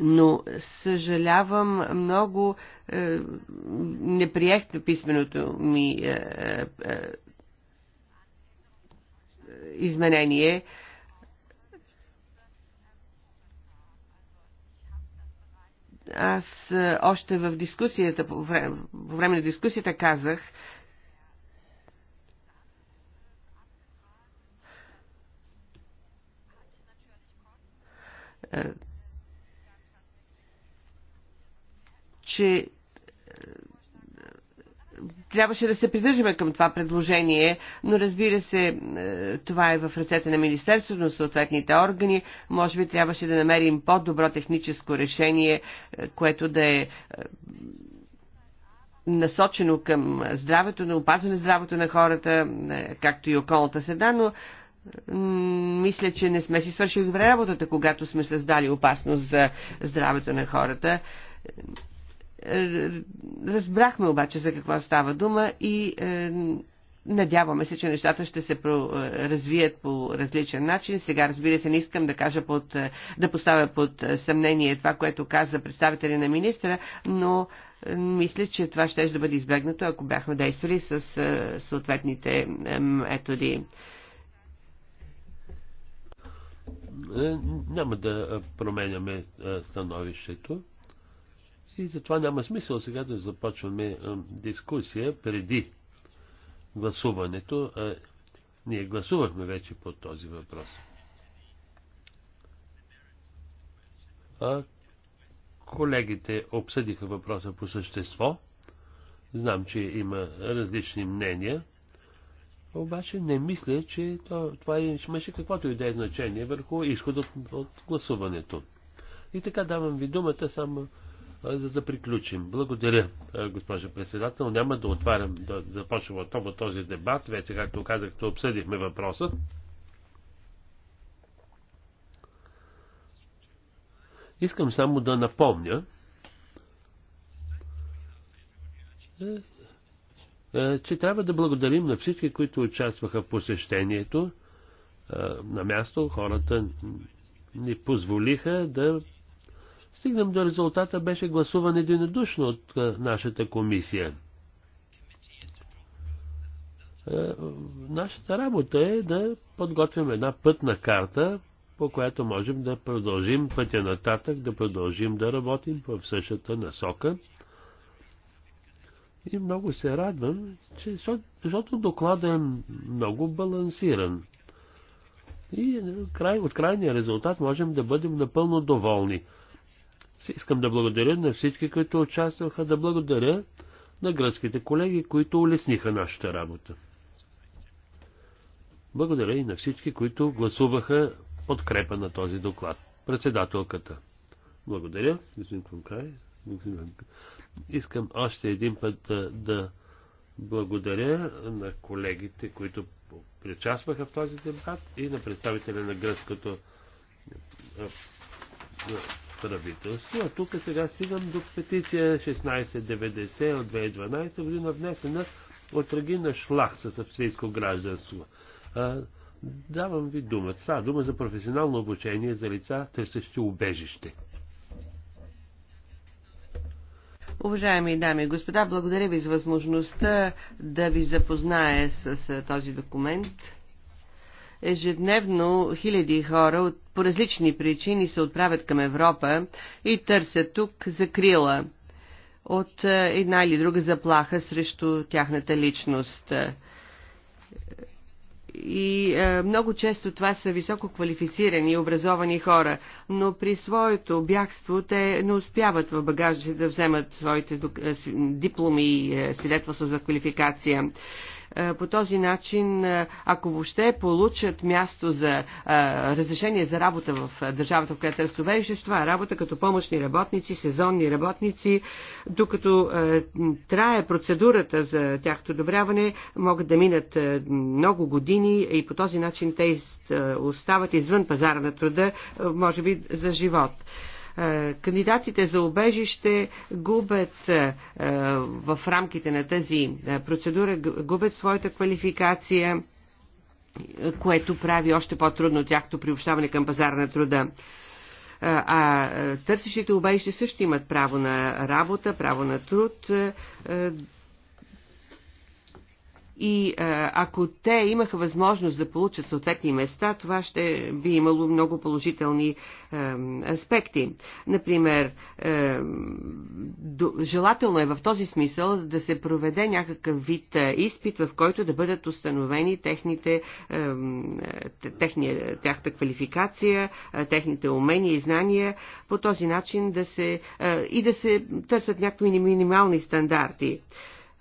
[SPEAKER 2] но съжалявам много, е, не приехме писменото ми е, е, е изменение. Аз е, още в дискусията, по време, по време на дискусията казах, е, че е, трябваше да се придържаме към това предложение, но разбира се, е, това е в ръцете на Министерството, на съответните органи. Може би трябваше да намерим по-добро техническо решение, е, което да е насочено към здравето, на опазване здравето на хората, както и околната седа, но мисля, че не сме си свършили добре работата, когато сме създали опасност за здравето на хората е, разбрахме обаче за какво става дума и е, Надяваме се, че нещата ще се е, развият по различен начин. Сега, разбира се, не искам да, кажа под, да поставя под съмнение това, което каза представители на министра, но мисля, че това ще да бъде избегнато, ако бяхме действали с съответните методи.
[SPEAKER 4] Няма да променяме становището. И затова няма смисъл сега да започваме дискусия преди гласуването. Ние гласувахме вече по този въпрос. А колегите обсъдиха въпроса по същество. Знам, че има различни мнения. Обаче не мисля, че това е, имаше каквото и да е значение върху изходът от гласуването. И така давам ви думата само е, за да приключим. Благодаря, е, госпожа председател. Няма да отварям, да започвам отново този дебат. Вече, както то обсъдихме въпроса. Искам само да напомня, е, че трябва да благодарим на всички, които участваха в посещението на място. Хората ни позволиха да стигнем до резултата, беше гласуван единодушно от е, нашата комисия. Е, нашата работа е да подготвим една пътна карта, по която можем да продължим пътя нататък, да продължим да работим в същата насока. И много се радвам, че, защото докладът е много балансиран. И от крайния резултат можем да бъдем напълно доволни. Искам да благодаря на всички, които участваха, да благодаря на гръцките колеги, които улесниха нашата работа. Благодаря и на всички, които гласуваха подкрепа на този доклад. Председателката. Благодаря, Искам още един път да, да благодаря на колегите, които причастваха в този дебат и на представителя на гръцкото правителство. А тук сега стигам до петиция 1690 от 2012 година, внесена от Регина Шлах с австрийско гражданство. А, давам ви думата. Става дума за професионално обучение за лица, търсещи убежище.
[SPEAKER 2] Уважаеми дами и господа, благодаря ви за възможността да ви запозная с този документ. Ежедневно хиляди хора от по различни причини се отправят към Европа и търсят тук закрила от е, една или друга заплаха срещу тяхната личност. И е, много често това са високо квалифицирани и образовани хора, но при своето бягство те не успяват в багажа си да вземат своите е, дипломи и е, свидетелства за квалификация. Е, по този начин, е, ако въобще получат място за е, разрешение за работа в държавата, в която е разтовежда, това е работа като помощни работници, сезонни работници, докато трае процедурата за тяхто одобряване, могат да минат много години и по този начин те остават извън пазара на труда, може би за живот. Е, кандидатите за обежище губят е, е, в рамките на тази процедура, губят своята квалификация, което прави още по-трудно тяхто приобщаване към пазара на труда а търсещите обежище също имат право на работа, право на труд, и ако те имаха възможност да получат съответни места, това ще би имало много положителни аспекти. Например, желателно е в този смисъл да се проведе някакъв вид изпит, в който да бъдат установени техните, техния, тяхта квалификация, техните умения и знания, по този начин да се и да се търсят някакви минимални стандарти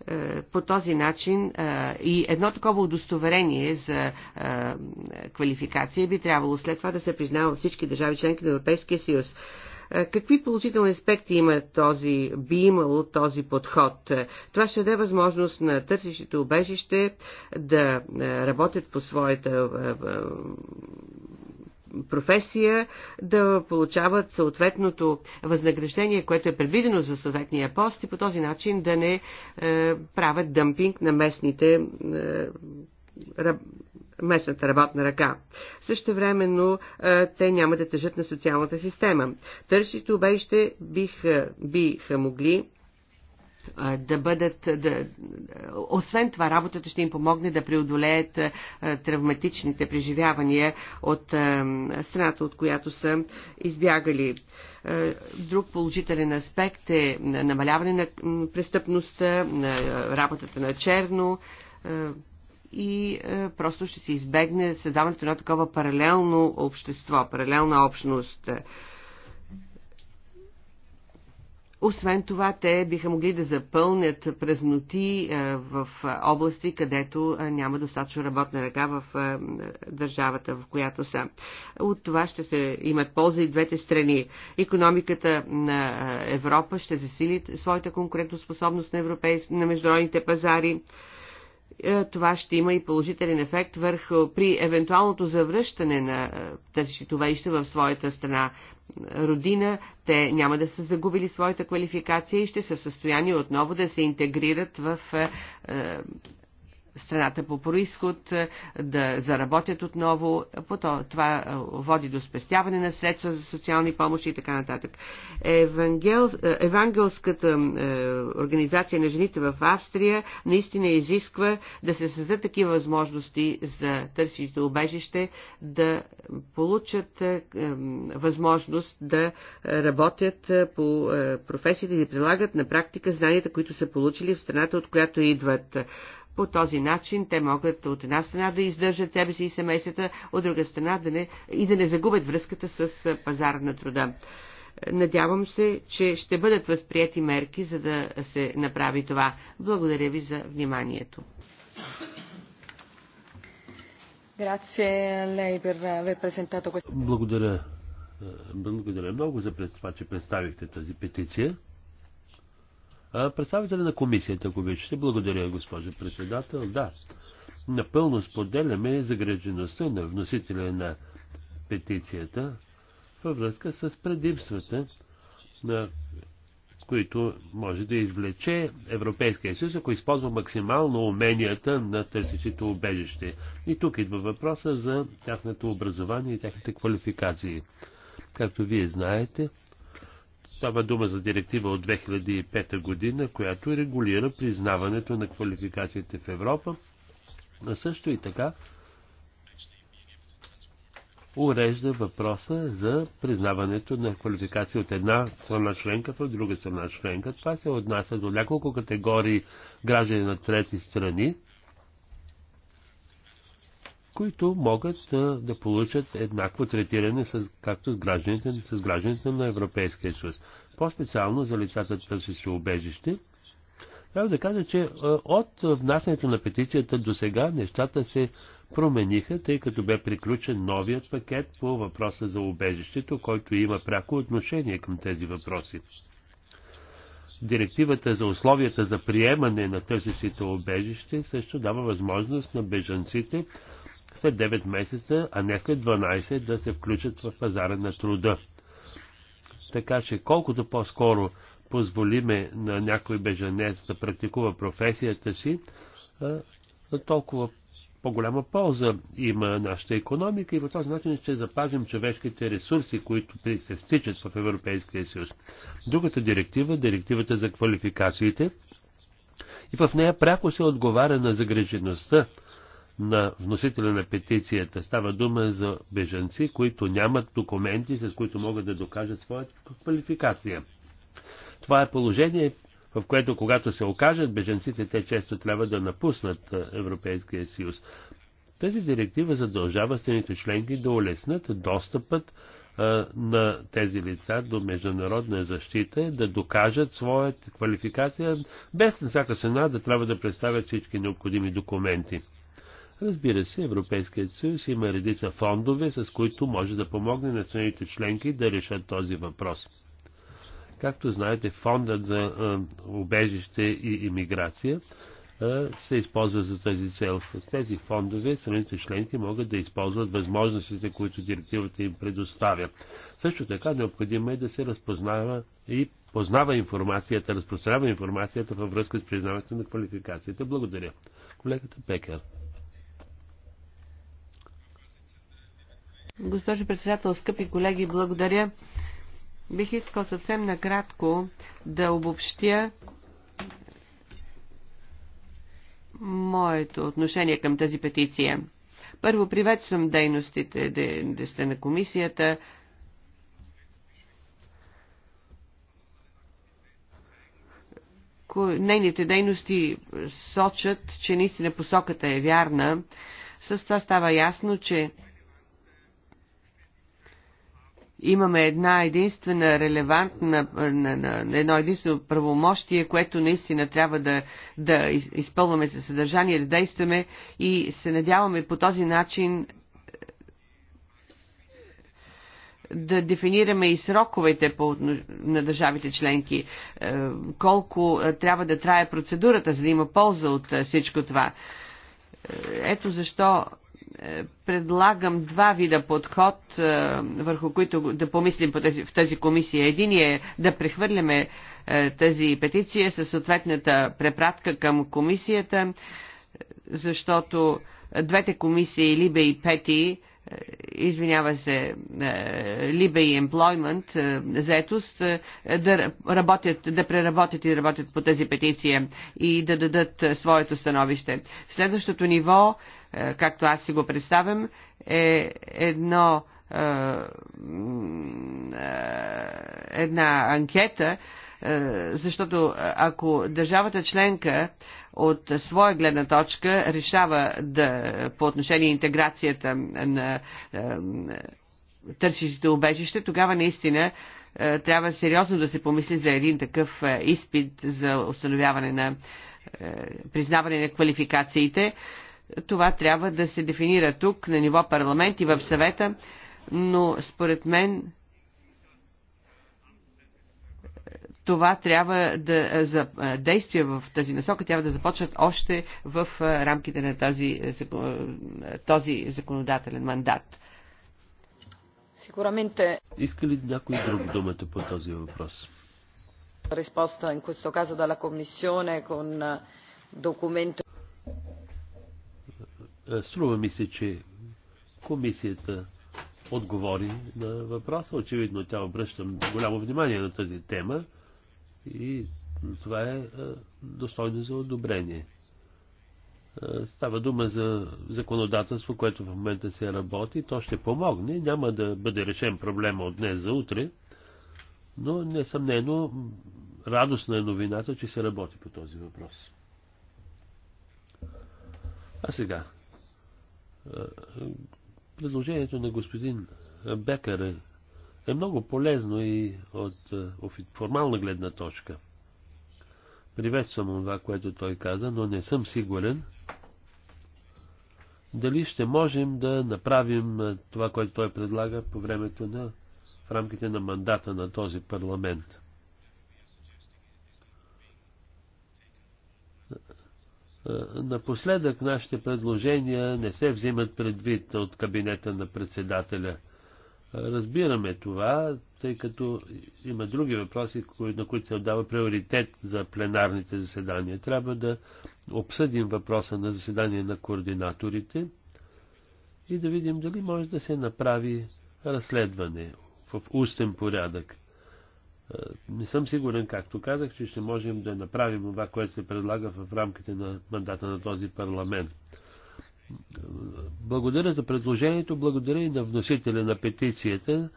[SPEAKER 2] е, по този начин е, и едно такова удостоверение за е, квалификация би трябвало след това да се признава от всички държави членки на Европейския съюз. Какви положителни аспекти има този, би имало този подход? Това ще даде възможност на търсещите убежище да работят по своята професия да получават съответното възнаграждение, което е предвидено за съответния пост и по този начин да не е, правят дъмпинг на местните е, местната работна ръка. Също времено е, те няма да тъжат на социалната система. Търсите обеще биха, биха могли да бъдат. Да, освен това, работата ще им помогне да преодолеят травматичните преживявания от страната, от която са избягали. Друг положителен аспект е намаляване на престъпността, на работата на черно и просто ще се избегне създаването на такова паралелно общество, паралелна общност. Освен това, те биха могли да запълнят празноти е, в е, области, където е, няма достатъчно работна ръка в държавата, в която са. От това ще се имат полза и двете страни. Економиката на Европа ще засили своята конкурентоспособност на, европейс... на международните пазари това ще има и положителен ефект върху при евентуалното завръщане на тези щитовеща в своята страна родина, те няма да са загубили своята квалификация и ще са в състояние отново да се интегрират в е, е, страната по происход, е, да заработят отново. Това е, води до спестяване на средства за социални помощи и така нататък. Евангел, е, евангелската организация на жените в Австрия наистина изисква да се създадат такива възможности за търсите обежище, да получат възможност да работят по професията и да прилагат на практика знанията, които са получили в страната, от която идват по този начин те могат от една страна да издържат себе си и семействата, от друга страна да не, и да не загубят връзката с пазара на труда. Надявам се, че ще бъдат възприяти мерки, за да се направи това. Благодаря ви за вниманието.
[SPEAKER 4] Благодаря. Е, благодаря много за това, че представихте тази петиция. Представителя на комисията, ако обичате. Благодаря, госпожо председател. Да, напълно споделяме загрежеността на вносителя на петицията във връзка с предимствата, на които може да извлече Европейския съюз, ако използва максимално уменията на търсещите убежище. И тук идва въпроса за тяхното образование и тяхните квалификации. Както вие знаете, Става дума за директива от 2005 година, която регулира признаването на квалификациите в Европа, а също и така урежда въпроса за признаването на квалификации от една страна членка в друга страна членка. Това се отнася до няколко категории граждани на трети страни, които могат да получат еднакво третиране с, както с гражданите, с гражданите на Европейския съюз. По-специално за лицата търсещи убежище. Трябва да кажа, че от внасянето на петицията до сега нещата се промениха, тъй като бе приключен новият пакет по въпроса за убежището, който има пряко отношение към тези въпроси. Директивата за условията за приемане на търсещите обежище също дава възможност на бежанците след 9 месеца, а не след 12 да се включат в пазара на труда. Така че колкото по-скоро позволиме на някой беженец да практикува професията си, толкова по-голяма полза има нашата економика и по този начин ще запазим човешките ресурси, които се стичат в Европейския съюз. Другата директива, директивата за квалификациите, и в нея пряко се отговаря на загрежеността, на вносителя на петицията. Става дума за бежанци, които нямат документи, с които могат да докажат своята квалификация. Това е положение, в което когато се окажат бежанците, те често трябва да напуснат Европейския съюз. Тази директива задължава страните членки да улеснат достъпът на тези лица до международна защита, да докажат своята квалификация, без на всяка цена да трябва да представят всички необходими документи. Разбира се, Европейският съюз има редица фондове, с които може да помогне на страните членки да решат този въпрос. Както знаете, фондът за а, убежище и иммиграция се използва за тази цел. С тези фондове страните членки могат да използват възможностите, които директивата им предоставя. Също така необходимо е да се разпознава и познава информацията, разпространява информацията във връзка с признаването на квалификацията. Благодаря. Колегата Пекер.
[SPEAKER 2] Госпожо председател, скъпи колеги, благодаря. Бих искал съвсем накратко да обобщя моето отношение към тази петиция. Първо приветствам дейностите сте на комисията. Нейните дейности сочат, че наистина посоката е вярна. С това става ясно, че имаме една единствена релевантна, на, на, на едно единствено правомощие, което наистина трябва да, да изпълваме със съдържание, да действаме и се надяваме по този начин е, да дефинираме и сроковете по, на държавите членки, е, колко е, трябва да трае процедурата, за да има полза от всичко това. Ето защо е, предлагам два вида подход, е, върху които да помислим в тази комисия. Един е да прехвърляме е, тази петиция със съответната препратка към комисията, защото двете комисии, Либе и Пети, е, извинява се, е, Либе и Employment, е, заетост, да, работят, да преработят и да работят по тези петиция и да дадат своето становище. Следващото ниво, както аз си го представям, е едно една анкета, е, защото е, ако държавата членка от своя гледна точка решава да, по отношение интеграцията на е, търсещите убежище, тогава наистина трябва сериозно да се помисли за един такъв изпит за установяване на признаване на квалификациите. Това трябва да се дефинира тук на ниво парламент и в съвета, но според мен това трябва да е, за е, действия в тази насока трябва да започнат още в е, рамките на тази, този законодателен мандат.
[SPEAKER 1] Сигураменте.
[SPEAKER 4] Иска ли някой друг думата по този въпрос?
[SPEAKER 1] Респоста, в questo caso dalla Commissione con documento.
[SPEAKER 4] Струва ми се, че комисията отговори на въпроса. Очевидно тя обръща голямо внимание на тази тема и това е, е достойно за одобрение. Е, става дума за законодателство, което в момента се работи. То ще помогне. Няма да бъде решен проблема от днес за утре, но несъмнено радостна е новината, че се работи по този въпрос. А сега. Е, предложението на господин Бекър е е много полезно и от, е, формална гледна точка. Приветствам това, което той каза, но не съм сигурен дали ще можем да направим е, това, което той предлага по времето на в рамките на мандата на този парламент. Е, напоследък нашите предложения не се взимат предвид от кабинета на председателя – Разбираме това, тъй като има други въпроси, на които се отдава приоритет за пленарните заседания. Трябва да обсъдим въпроса на заседание на координаторите и да видим дали може да се направи разследване в устен порядък. Е, не съм сигурен, както казах, че ще можем да направим това, което се предлага в рамките на мандата на този парламент. Благодаря за предложението, благодаря и на вносителя на петицията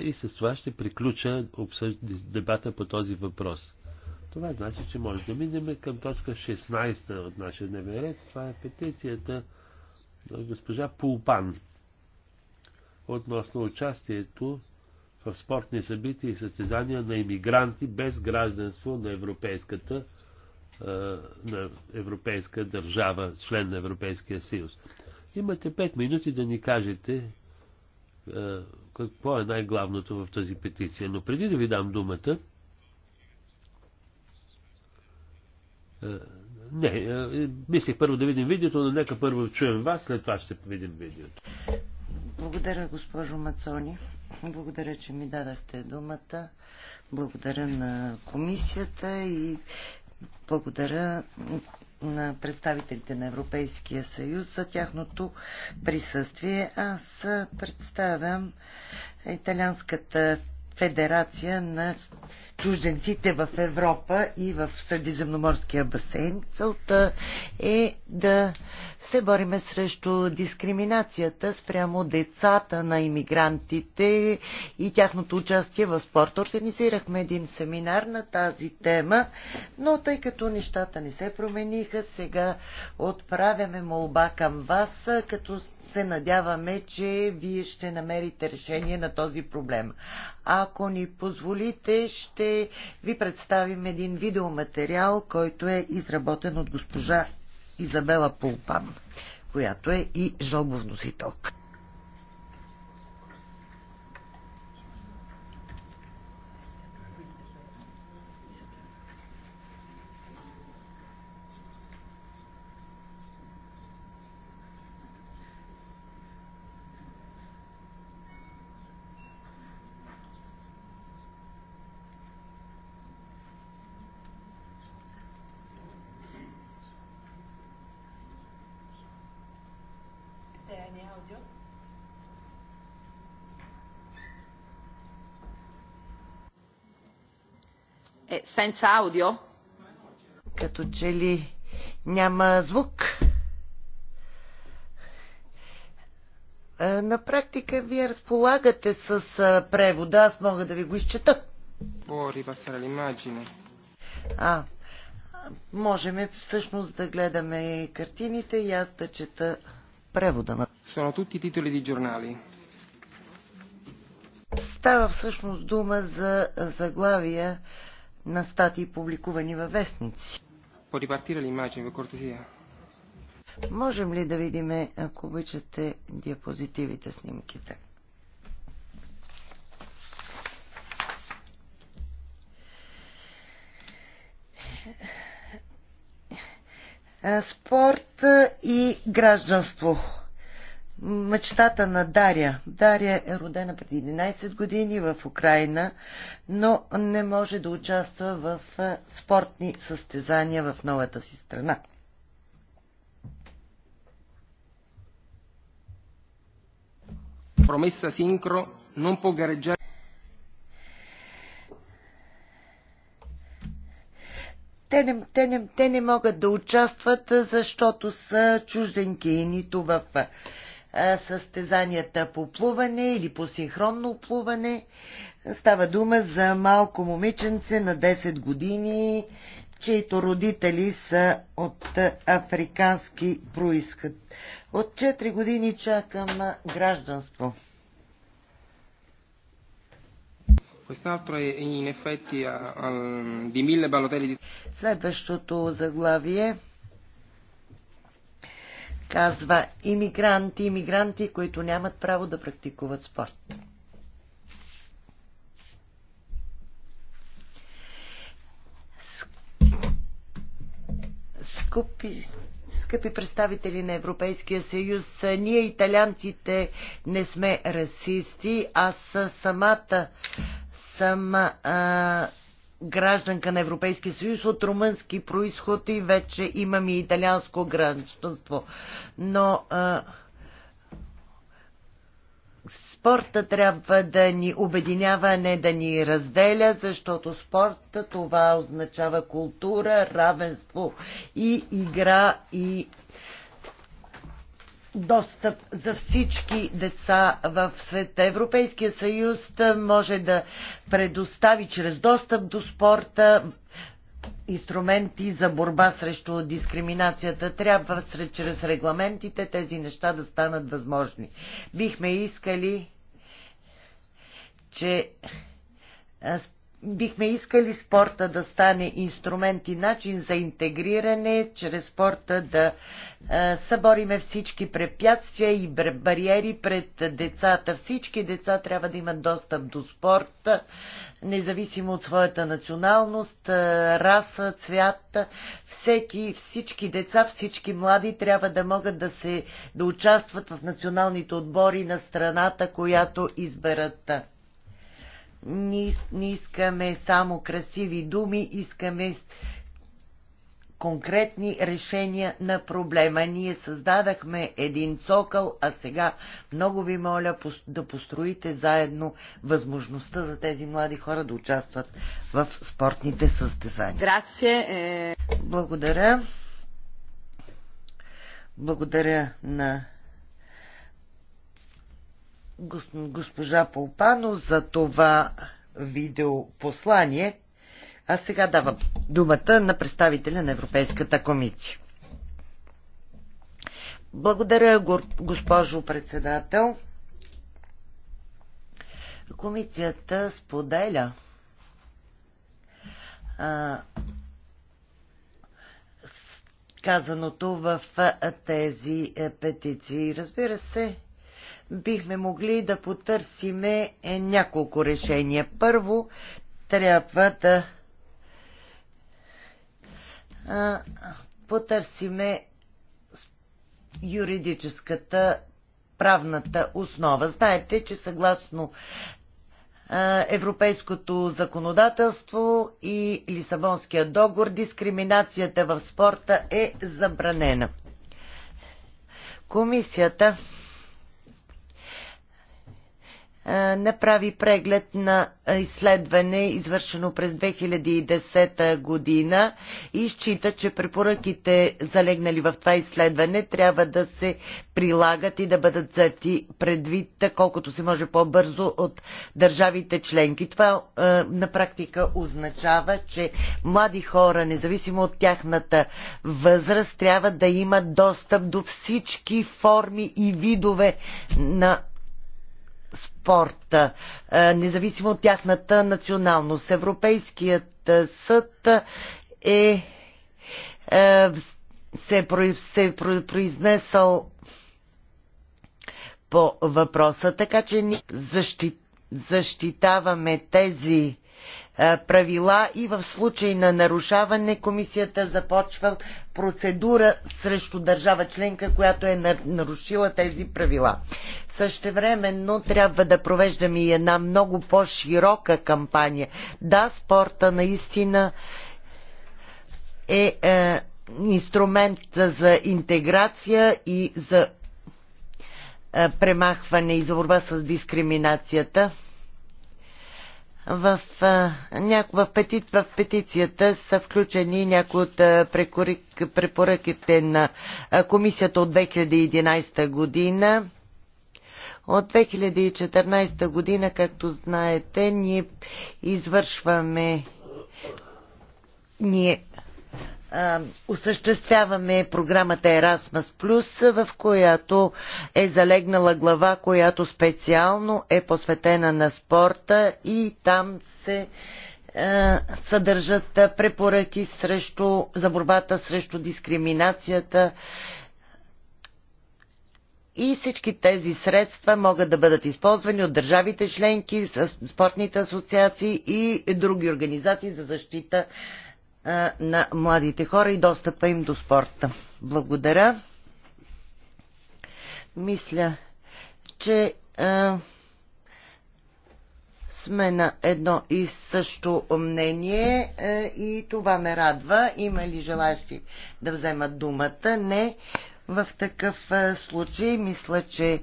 [SPEAKER 4] и с това ще приключа обсъж... дебата по този въпрос. Това значи, че може да минем към точка 16 от нашия дневен ред. Това е петицията на госпожа Пулпан относно участието в спортни събития и състезания на иммигранти без гражданство на Европейската е, на европейска държава, член на Европейския съюз. Имате 5 минути да ни кажете е, какво е най-главното в тази петиция. Но преди да ви дам думата, е, не, мислих първо да видим видеото, но нека първо чуем вас, след това ще видим видеото.
[SPEAKER 3] Благодаря, госпожо Мацони. Благодаря, че ми дадахте думата. Благодаря на комисията и благодаря на представителите на Европейския съюз за тяхното присъствие. Аз представям Италианската федерация на чужденците в Европа и в Средиземноморския басейн. Целта е да се бориме срещу дискриминацията спрямо децата на иммигрантите и тяхното участие в спорта. Организирахме един семинар на тази тема, но тъй като нещата не се промениха, сега отправяме молба към вас, като се надяваме, че вие ще намерите решение на този проблем. Ако ни позволите, ще ще ви представим един видеоматериал, който е изработен от госпожа Изабела Пулпан, която е и жалбовносителка.
[SPEAKER 1] Senza audio?
[SPEAKER 3] Като че ли няма звук? Е, на практика вие разполагате с е, превода, аз мога да ви го изчета. А, можем всъщност да гледаме картините и аз да чета превода на. Sono tutti титули
[SPEAKER 5] ди журнали.
[SPEAKER 3] Става всъщност дума за заглавия на статии, публикувани във
[SPEAKER 5] вестници.
[SPEAKER 3] Можем ли да видим, ако обичате, диапозитивите, снимките? Спорт и гражданство мечтата на Дария. Дария е родена преди 11 години в Украина, но не може да участва в спортни състезания в новата си страна.
[SPEAKER 5] Промеса синкро, но по
[SPEAKER 3] Те не, те, не, те не могат да участват, защото са чужденки нито в състезанията по плуване или по синхронно плуване. Става дума за малко момиченце на 10 години, чието родители са от африкански происход. От 4 години чакам гражданство. Следващото заглавие казва иммигранти, иммигранти, които нямат право да практикуват спорт. Скъпи, скъпи представители на Европейския съюз, ние италианците не сме расисти. Аз самата сама а, гражданка на Европейския съюз от румънски происход и вече имам и италианско гражданство. Но а, спорта трябва да ни обединява, а не да ни разделя, защото спорта това означава култура, равенство и игра и достъп за всички деца в света. Европейския съюз може да предостави чрез достъп до спорта инструменти за борба срещу дискриминацията. Трябва сред, чрез регламентите тези неща да станат възможни. Бихме искали, че бихме искали спорта да стане инструмент и начин за интегриране, чрез спорта да е, събориме всички препятствия и бариери пред децата. Всички деца трябва да имат достъп до спорта, независимо от своята националност, е, раса, цвят. Всеки, всички деца, всички млади трябва да могат да, се, да участват в националните отбори на страната, която изберат не, не искаме само красиви думи, искаме конкретни решения на проблема. Ние създадахме един цокъл, а сега много ви моля да построите заедно възможността за тези млади хора да участват в спортните състезания. Грация. Е. Благодаря. Благодаря на госпожа Полпано за това видеопослание. А сега давам думата на представителя на Европейската комисия. Благодаря, госпожо председател. Комисията споделя а, казаното в тези петиции. Разбира се, бихме могли да потърсиме е, няколко решения. Първо, трябва да потърсиме юридическата правната основа. Знаете, че съгласно европейското законодателство и Лисабонския договор дискриминацията в спорта е забранена. Комисията е, направи преглед на изследване, извършено през 2010 година и счита, че препоръките, залегнали в това изследване, трябва да се прилагат и да бъдат взети предвид колкото се може по-бързо от държавите членки. Това е, на практика означава, че млади хора, независимо от тяхната възраст, трябва да имат достъп до всички форми и видове на спорт, е, независимо от тяхната националност. Европейският е, съд е, е се, се произнесъл по въпроса, така че ни защит, защитаваме тези е, правила и в случай на нарушаване комисията започва процедура срещу държава членка, която е нарушила тези правила. Същевременно трябва да провеждаме и една много по-широка кампания. Да, спорта наистина е, е инструмент за интеграция и за е, премахване и за борба с дискриминацията. В, няко, в, пети, в петицията са включени някои от препоръките на комисията от 2011 година. От 2014 година, както знаете, ние извършваме ние осъществяваме програмата Erasmus Plus, в която е залегнала глава, която специално е посветена на спорта и там се съдържат препоръки срещу, за борбата срещу дискриминацията и всички тези средства могат да бъдат използвани от държавите членки, спортните асоциации и други организации за защита на младите хора и достъпа им до спорта. Благодаря. Мисля, че а, сме на едно и също мнение а, и това ме радва. Има ли желащи да вземат думата? Не. В такъв а, случай мисля, че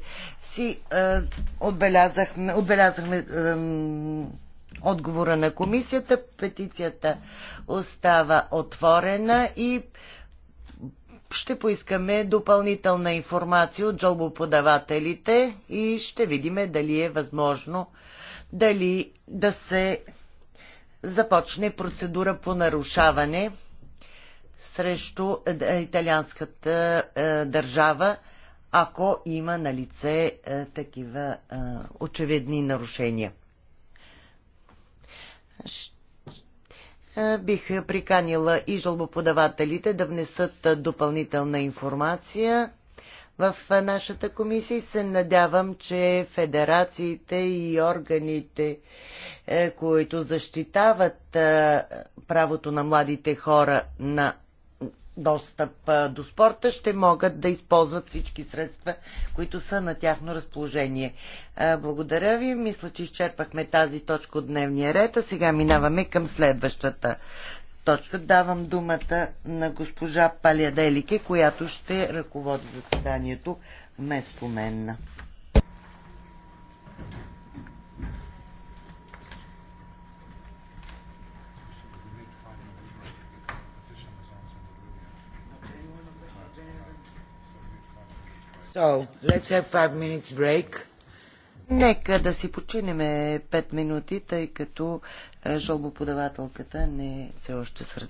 [SPEAKER 3] си а, отбелязахме, отбелязахме а, отговора на комисията. Петицията остава отворена и ще поискаме допълнителна информация от жалбоподавателите и ще видим дали е възможно дали да се започне процедура по нарушаване срещу е, италианската е, държава, ако има на лице е, такива очевидни нарушения. Е, бих приканила и жалбоподавателите да внесат е, допълнителна информация в е, нашата комисия и се надявам, че федерациите и органите, които защитават правото на младите хора на достъп до спорта, ще могат да използват всички средства, които са на тяхно разположение. Благодаря ви. Мисля, че изчерпахме тази точка от дневния ред, а сега минаваме към следващата точка. Давам думата на госпожа Делике, която ще ръководи заседанието вместо мен. So, let's have five minutes break. Нека да си починеме 5 минути, тъй като е, жалбоподавателката не се все още сред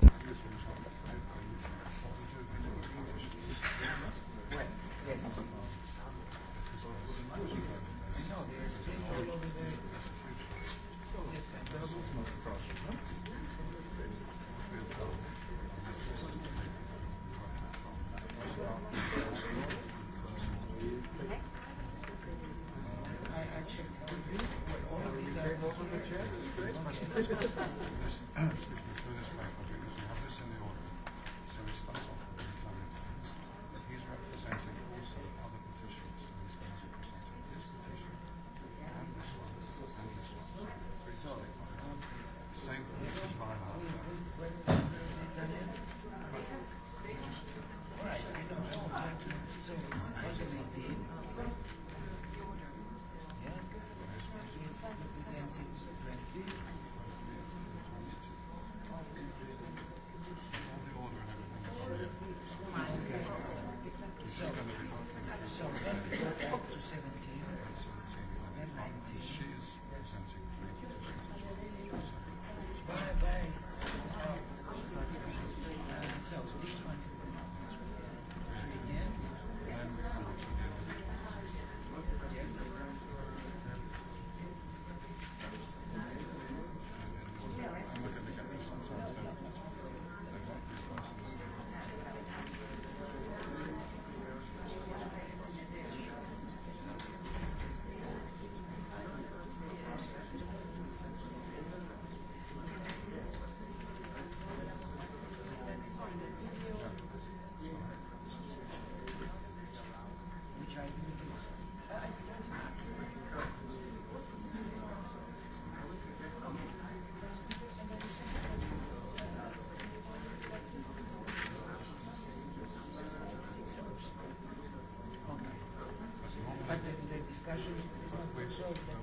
[SPEAKER 5] покажи ми, че има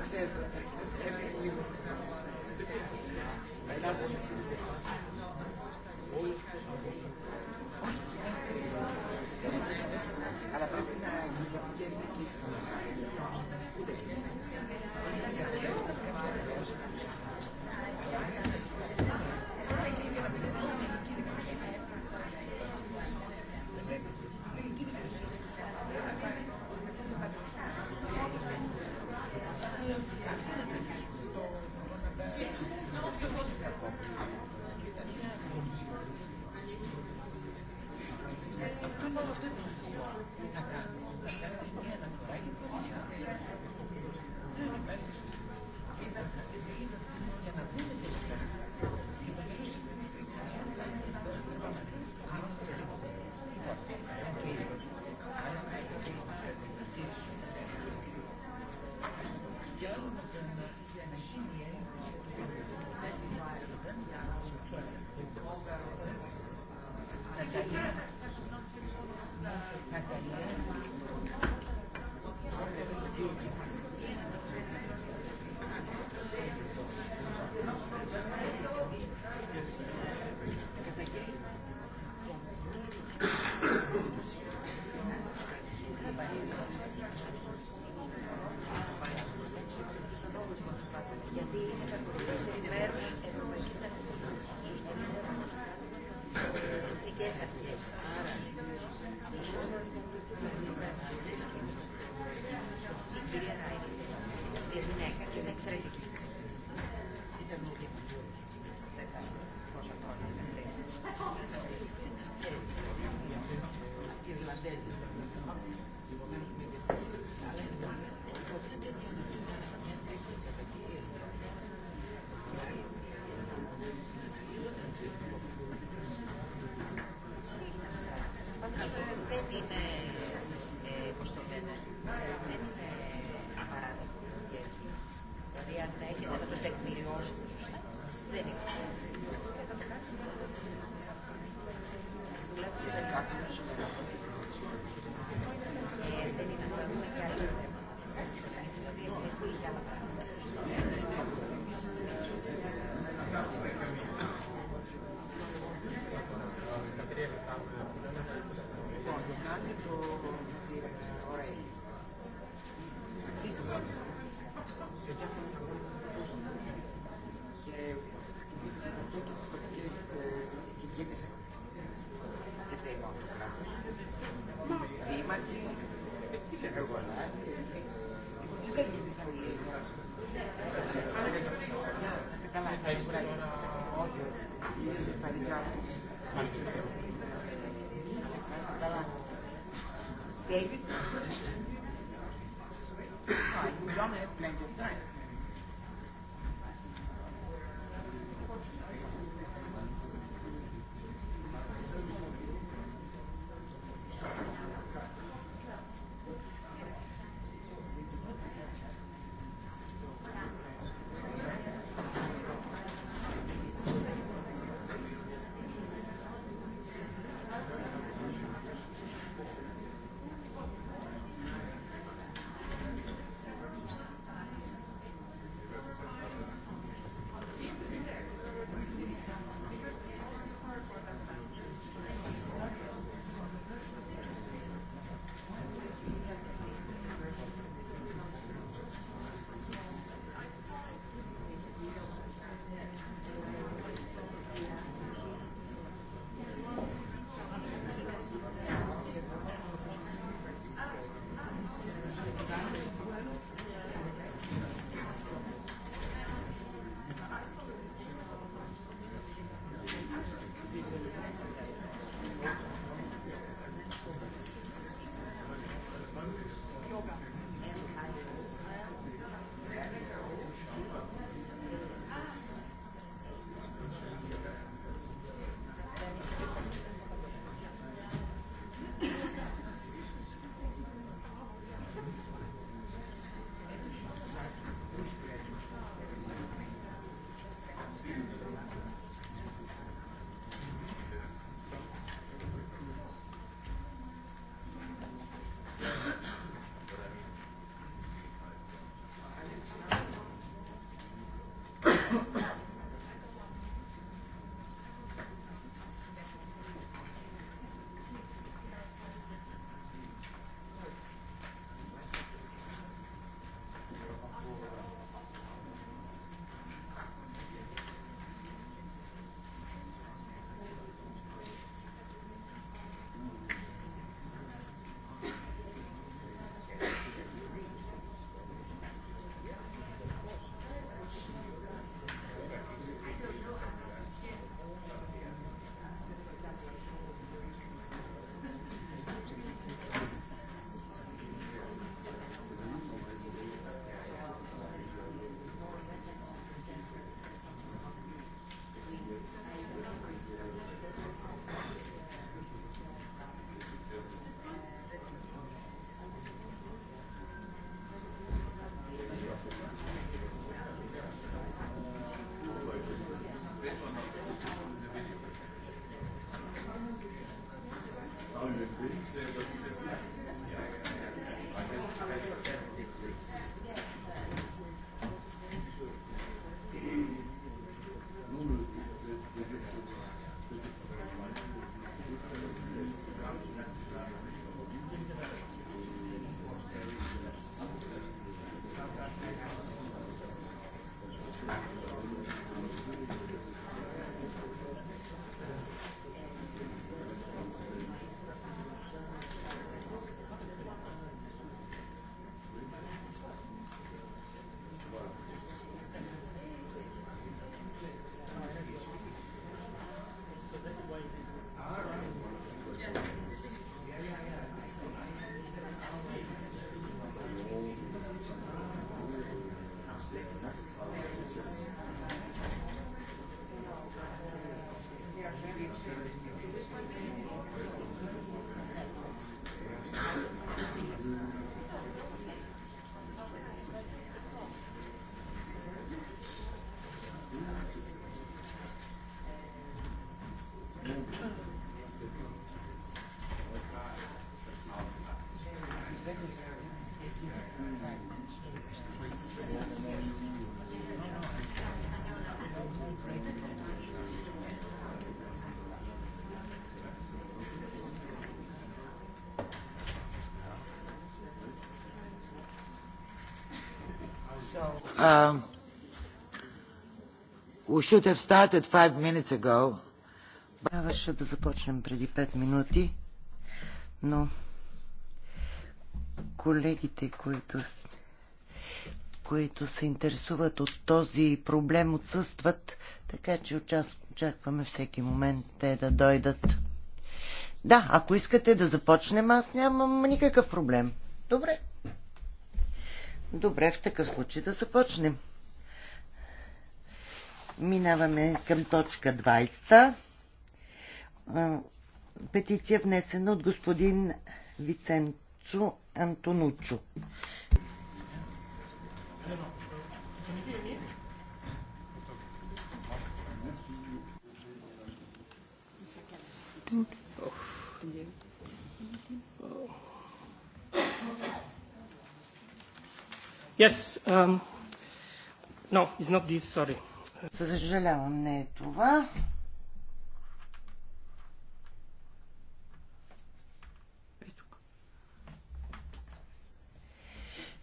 [SPEAKER 5] Gracias. Thank you.
[SPEAKER 3] Uh, we should have started five minutes ago. Трябваше да започнем преди 5 минути, но колегите, които, които се интересуват от този проблем, отсъстват, така че очакваме всеки момент те да дойдат. Да, ако искате да започнем, аз нямам никакъв проблем. Добре. Добре, в такъв случай да започнем. Минаваме към точка 20. Петиция внесена от господин Виценцо Антонучо.
[SPEAKER 5] Oh. Yes, um, no, it's not this, sorry.
[SPEAKER 3] Съжалявам, не е това.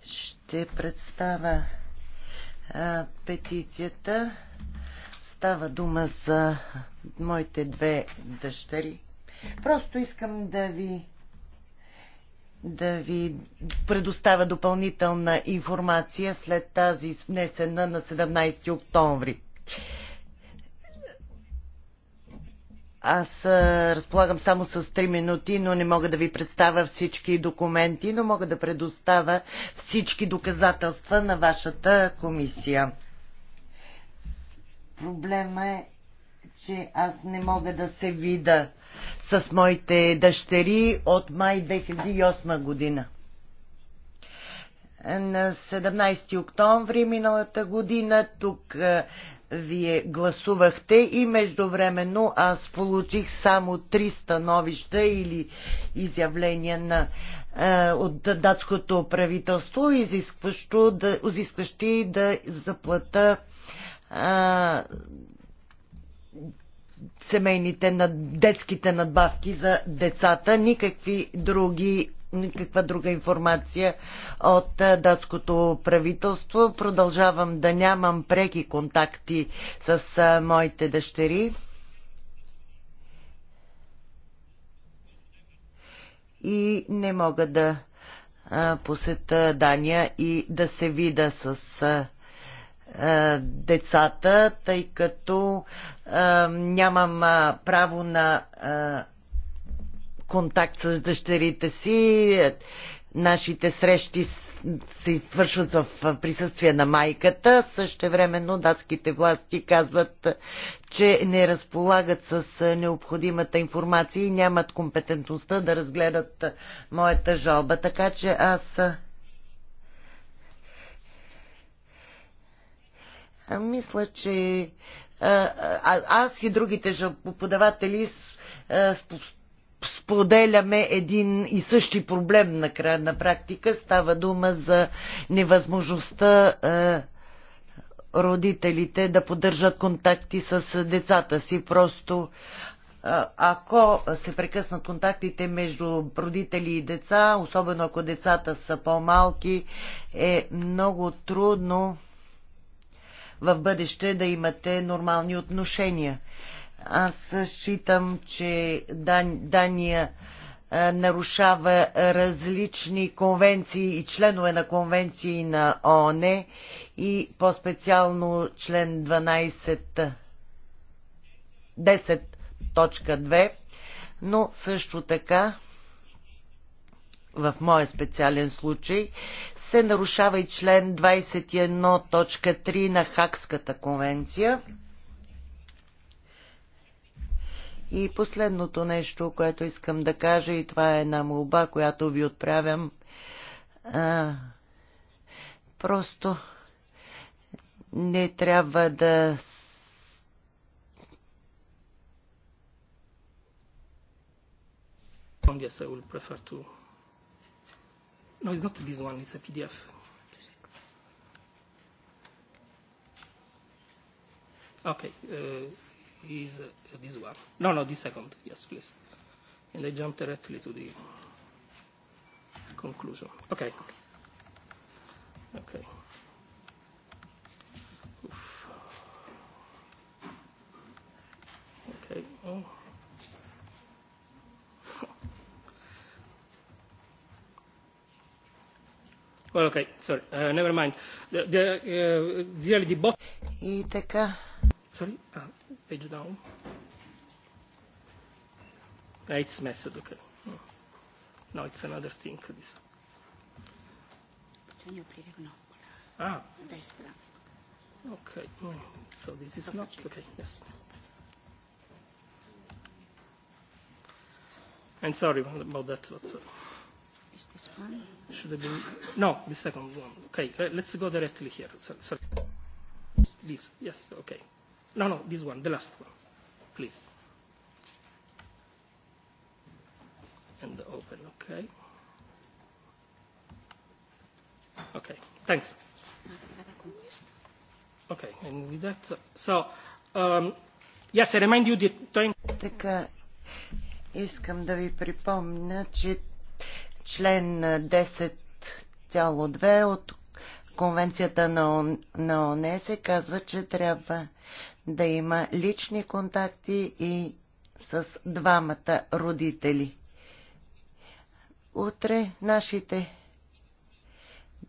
[SPEAKER 3] Ще представя а, петицията. Става дума за моите две дъщери. Просто искам да ви да ви предоставя допълнителна информация след тази внесена на 17 октомври. Аз разполагам само с 3 минути, но не мога да ви представя всички документи, но мога да предоставя всички доказателства на вашата комисия. Проблема е че аз не мога да се вида с моите дъщери от май 2008 година. На 17 октомври миналата година тук е, вие гласувахте и междувременно аз получих само три становища или изявления на, е, от датското правителство, изискващо да, изискващи да заплата е, семейните, на детските надбавки за децата, никакви други никаква друга информация от датското правителство. Продължавам да нямам преки контакти с моите дъщери. И не мога да посета Дания и да се вида с е, децата, тъй като а, е, нямам а, право на а, е, контакт с дъщерите си. Нашите срещи се извършват в присъствие на майката. времено датските власти казват, че не разполагат с необходимата информация и нямат компетентността да разгледат моята жалба. Така че аз Мисля, че а, аз и другите преподаватели споделяме един и същи проблем на, края, на практика. Става дума за невъзможността а, родителите да поддържат контакти с децата си. Просто ако се прекъснат контактите между родители и деца, особено ако децата са по-малки, е много трудно в бъдеще да имате нормални отношения. Аз считам, че Дан, Дания нарушава различни конвенции и членове на конвенции на ООН и по-специално член 12.10.2 но също така в моя специален случай се нарушава и член 21.3 на Хакската конвенция. И последното нещо, което искам да кажа, и това е една молба, която ви отправям. А, просто не трябва да
[SPEAKER 5] Yes, I will prefer to No, it's not the one, it's a PDF. Okay, uh, is uh, this one. No, no, this second. Yes, please. And I jump directly to the conclusion. Okay. Okay. Oof. Okay. Oh. Well, okay, sorry, uh, never mind. The, the, uh, really the bot... И така. Sorry, uh, page down. Uh, it's messed, okay. No, it's another thing, this. Bisogna aprire un'opera. Ah. A destra. Okay, mm. so this is not, okay, yes. And sorry about that, what's... Uh, Is this one? Should have been no, the second one. Okay, let's go directly here. Sorry. This, yes, okay. No, no, this one, the last one, please. And open, okay. Okay, thanks. Okay, and with that,
[SPEAKER 3] so um, yes, I remind you the. Така, искам да ви припомня, че член 10.2 от Конвенцията на, на ОНЕ се казва, че трябва да има лични контакти и с двамата родители. Утре нашите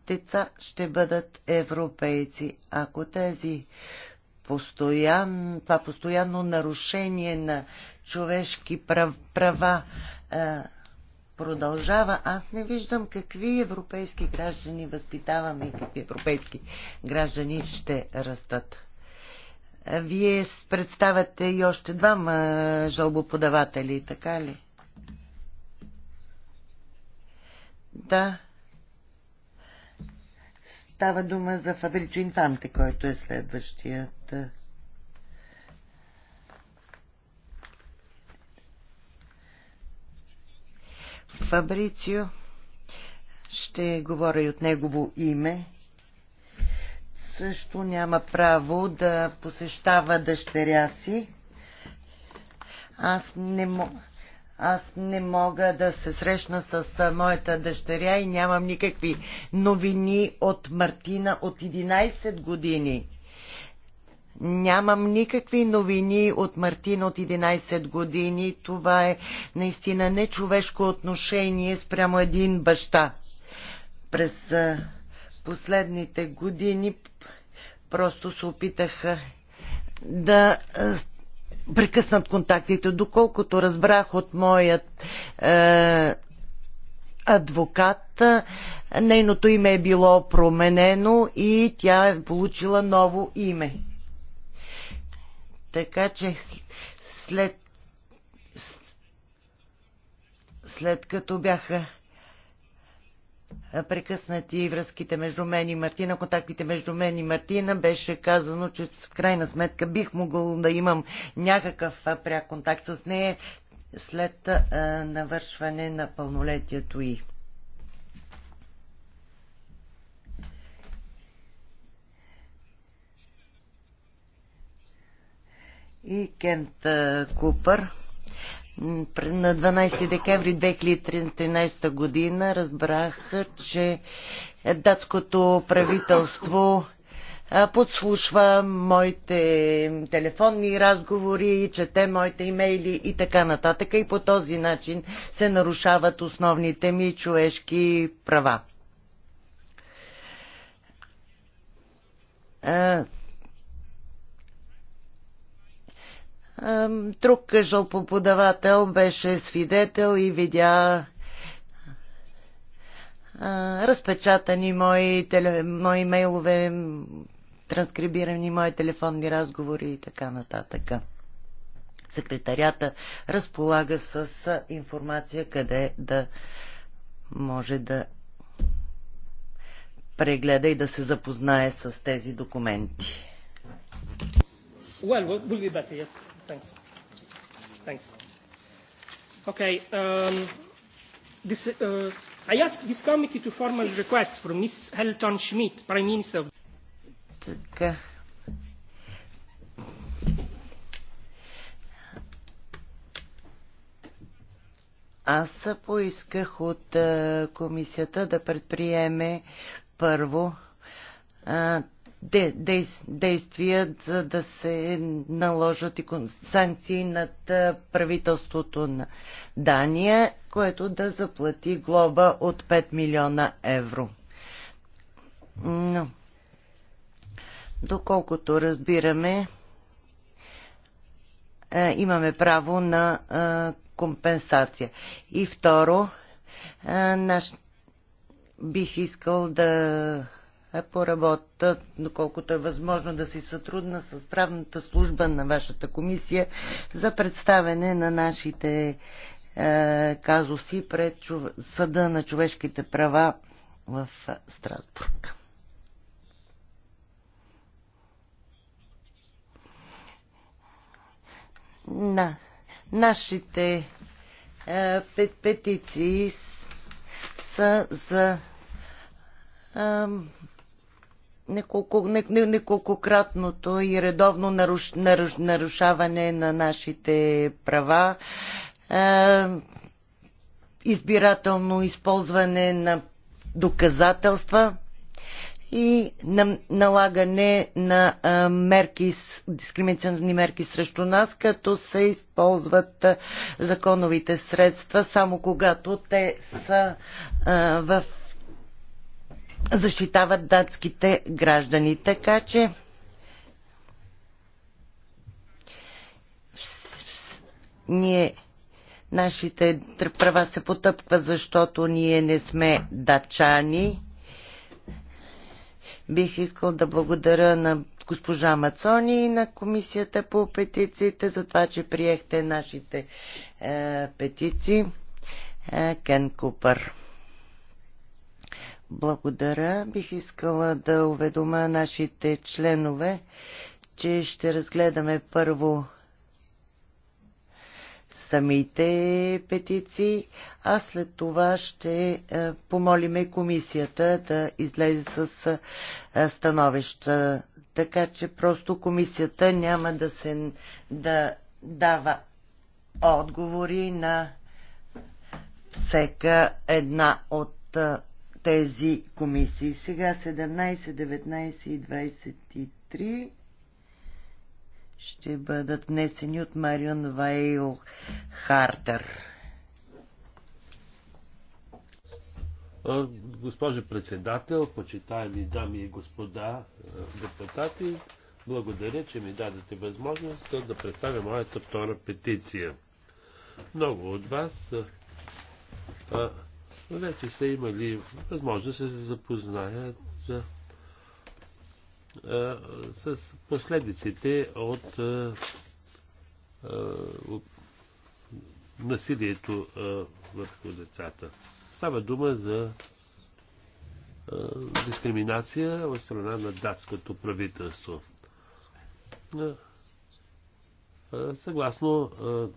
[SPEAKER 3] деца ще бъдат европейци. Ако тези постоян, това постоянно нарушение на човешки прав, права а, продължава. Аз не виждам какви европейски граждани възпитаваме и какви европейски граждани ще растат. Вие представяте и още двама жалбоподаватели, така ли? Да. Става дума за Фабрицо Инфанте, който е следващият Фабрицио. Ще говоря и от негово име. Също няма право да посещава дъщеря си. Аз не мога аз не мога да се срещна с моята дъщеря и нямам никакви новини от Мартина от 11 години. Нямам никакви новини от Мартин от 11 години. Това е наистина нечовешко отношение спрямо един баща. През последните години просто се опитаха да прекъснат контактите. Доколкото разбрах от моят е, адвокат, нейното име е било променено и тя е получила ново име. Така че след, след като бяха прекъснати връзките между мен и Мартина, контактите между мен и Мартина, беше казано, че в крайна сметка бих могъл да имам някакъв пряк контакт с нея след навършване на пълнолетието й. и Кент Купър. На 12 декември 2013 година разбрах, че датското правителство подслушва моите телефонни разговори, чете моите имейли и така нататък. И по този начин се нарушават основните ми човешки права. Друг поподавател беше свидетел и видя разпечатани мои, теле, мои мейлове, транскрибирани мои телефонни разговори и така нататък. Секретарята разполага с информация къде да може да прегледа и да се запознае с тези документи.
[SPEAKER 5] Well, we'll be better, yes. Thanks. Thanks. Okay. Um, this, uh, I asked this committee to formal request from Ms. Helton Schmidt, Prime Minister.
[SPEAKER 3] Така. Аз поисках от комисията да предприеме първо де, де, действия, за да се наложат и санкции над правителството на Дания, което да заплати глоба от 5 милиона евро. Но, доколкото разбираме, имаме право на компенсация. И второ, наш, бих искал да поработа, доколкото е възможно да си сътрудна с правната служба на вашата комисия за представене на нашите е, казуси пред чов... Съда на човешките права в Страсбург. На нашите е, петиции са за е, неколко, не, неколкократното и редовно наруш, наруш, нарушаване на нашите права, е, избирателно използване на доказателства и на, налагане на а, мерки, дискриминационни мерки срещу нас, като се използват а, законовите средства, само когато те са а, в защитават датските граждани. Така че ние нашите права се потъпква, защото ние не сме дачани. Бих искал да благодаря на госпожа Мацони и на комисията по петициите за това, че приехте нашите е, петиции. Е, Кен Купър. Благодаря. Бих искала да уведома нашите членове, че ще разгледаме първо самите петиции, а след това ще е, помолиме комисията да излезе с е, становища. Така че просто комисията няма да се да дава отговори на всека една от е, тези комисии. Сега 17, 19 и 23 ще бъдат внесени от Марион Вайл Хартер.
[SPEAKER 4] Госпожо председател, почитаеми дами и господа депутати, благодаря, че ми дадете възможност да представя моята втора петиция. Много от вас вече са имали възможност да се запознаят за, а, с последиците от а, насилието а, върху децата. Става дума за а, дискриминация от страна на датското правителство. А, а, съгласно а,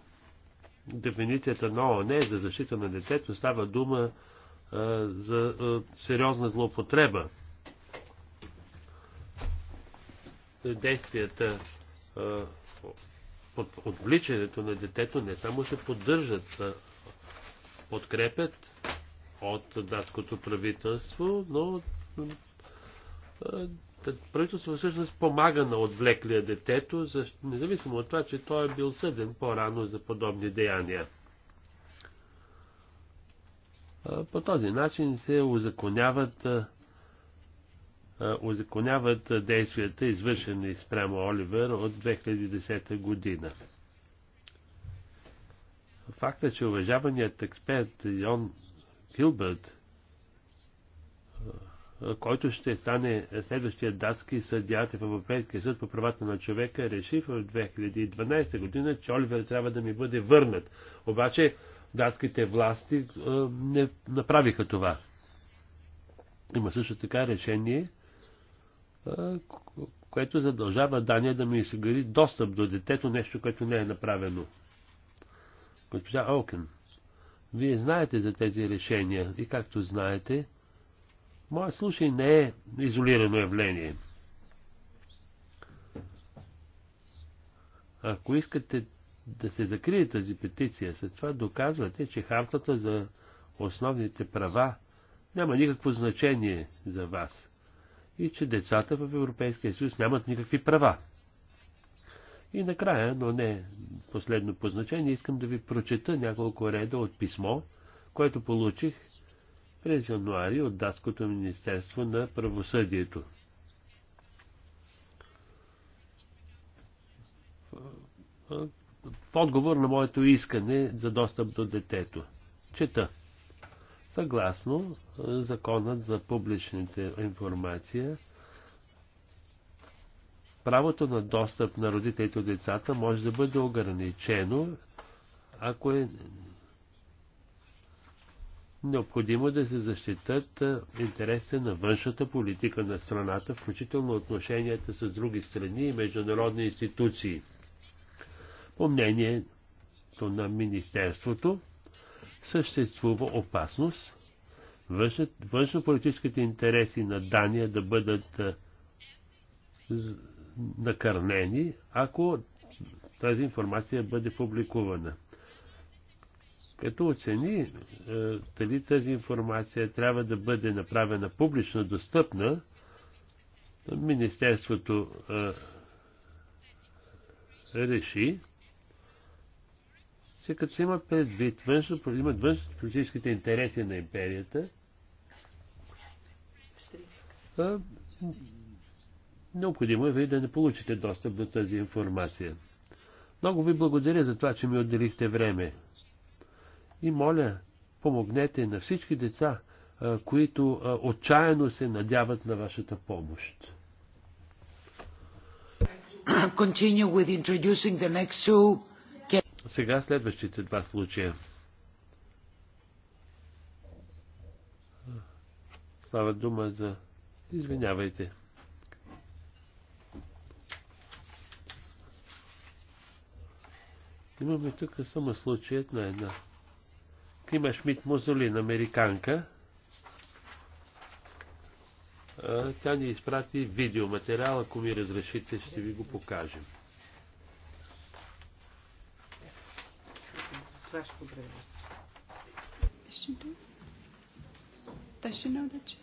[SPEAKER 4] дефиницията на ООН за защита на детето става дума а, за а, сериозна злоупотреба. Действията а, от отвличането на детето не само се поддържат, а подкрепят от датското правителство, но правителството всъщност помага на отвлеклия детето, независимо от това, че той е бил съден по-рано за подобни деяния. По този начин се узаконяват, узаконяват действията, извършени спрямо Оливер от 2010 година. Факта, че уважаваният експерт Йон Хилбърт който ще стане следващия датски съдият в Европейския съд по правата на човека, реши в 2012 година, че Оливер трябва да ми бъде върнат. Обаче датските власти е, не направиха това. Има също така решение, е, което задължава Дания да ми изгради достъп до детето, нещо, което не е направено. Госпожа Олкен, вие знаете за тези решения и както знаете, Моят случай не е изолирано явление. Ако искате да се закрие тази петиция, след това доказвате, че хартата за основните права няма никакво значение за вас и че децата в Европейския съюз нямат никакви права. И накрая, но не последно по значение, искам да ви прочета няколко реда от писмо, което получих през януари от Датското Министерство на правосъдието. В отговор на моето искане за достъп до детето. Чета. Съгласно Законът за публичните информация, правото на достъп на родителите от децата може да бъде ограничено, ако е необходимо е да се защитат интересите на външната политика на страната, включително отношенията с други страни и международни институции. По мнението на Министерството, съществува опасност външно политическите интереси на Дания да бъдат накърнени, ако тази информация бъде публикувана като оцени е, дали тази информация трябва да бъде направена публично достъпна, Министерството е, реши, че като се има предвид външно, имат външно-политическите интереси на империята, е, необходимо е ви да не получите достъп до тази информация. Много ви благодаря за това, че ми отделихте време. И моля, помогнете на всички деца, които отчаяно се надяват на вашата помощ. Сега следващите два случая. Става дума за... Извинявайте. Имаме тук само случаят на една Тима Шмидт Музолин, американка. Тя ни изпрати видеоматериал, ако ми разрешите, ще ви го покажем.
[SPEAKER 5] ще да удачи.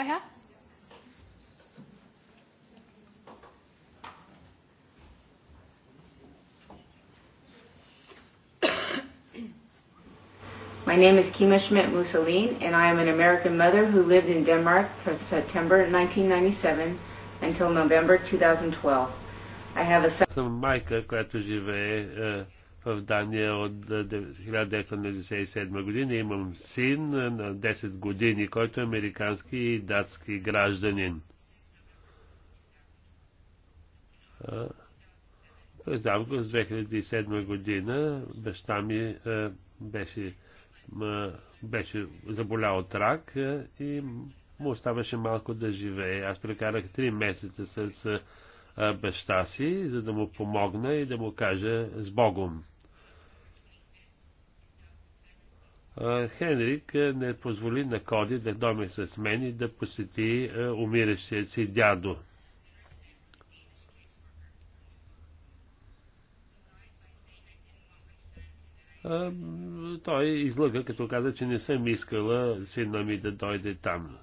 [SPEAKER 4] vorher?
[SPEAKER 2] My name is Kima Schmidt Mussolini, and I am an American mother who lived in Denmark from September 1997 until November 2012.
[SPEAKER 4] I have a... son. Съм майка, която живее uh, в Дания от 1997 година. Имам син на 10 години, който е американски и датски гражданин. През август 2007 година баща ми беше, беше заболял от рак и му оставаше малко да живее. Аз прекарах 3 месеца с баща си, за да му помогна и да му кажа с Богом. Хенрик е, не позволи на Коди да доме с мен и да посети е, умиращия си дядо. Той излъга, като каза, че не съм искала сина ми да дойде там.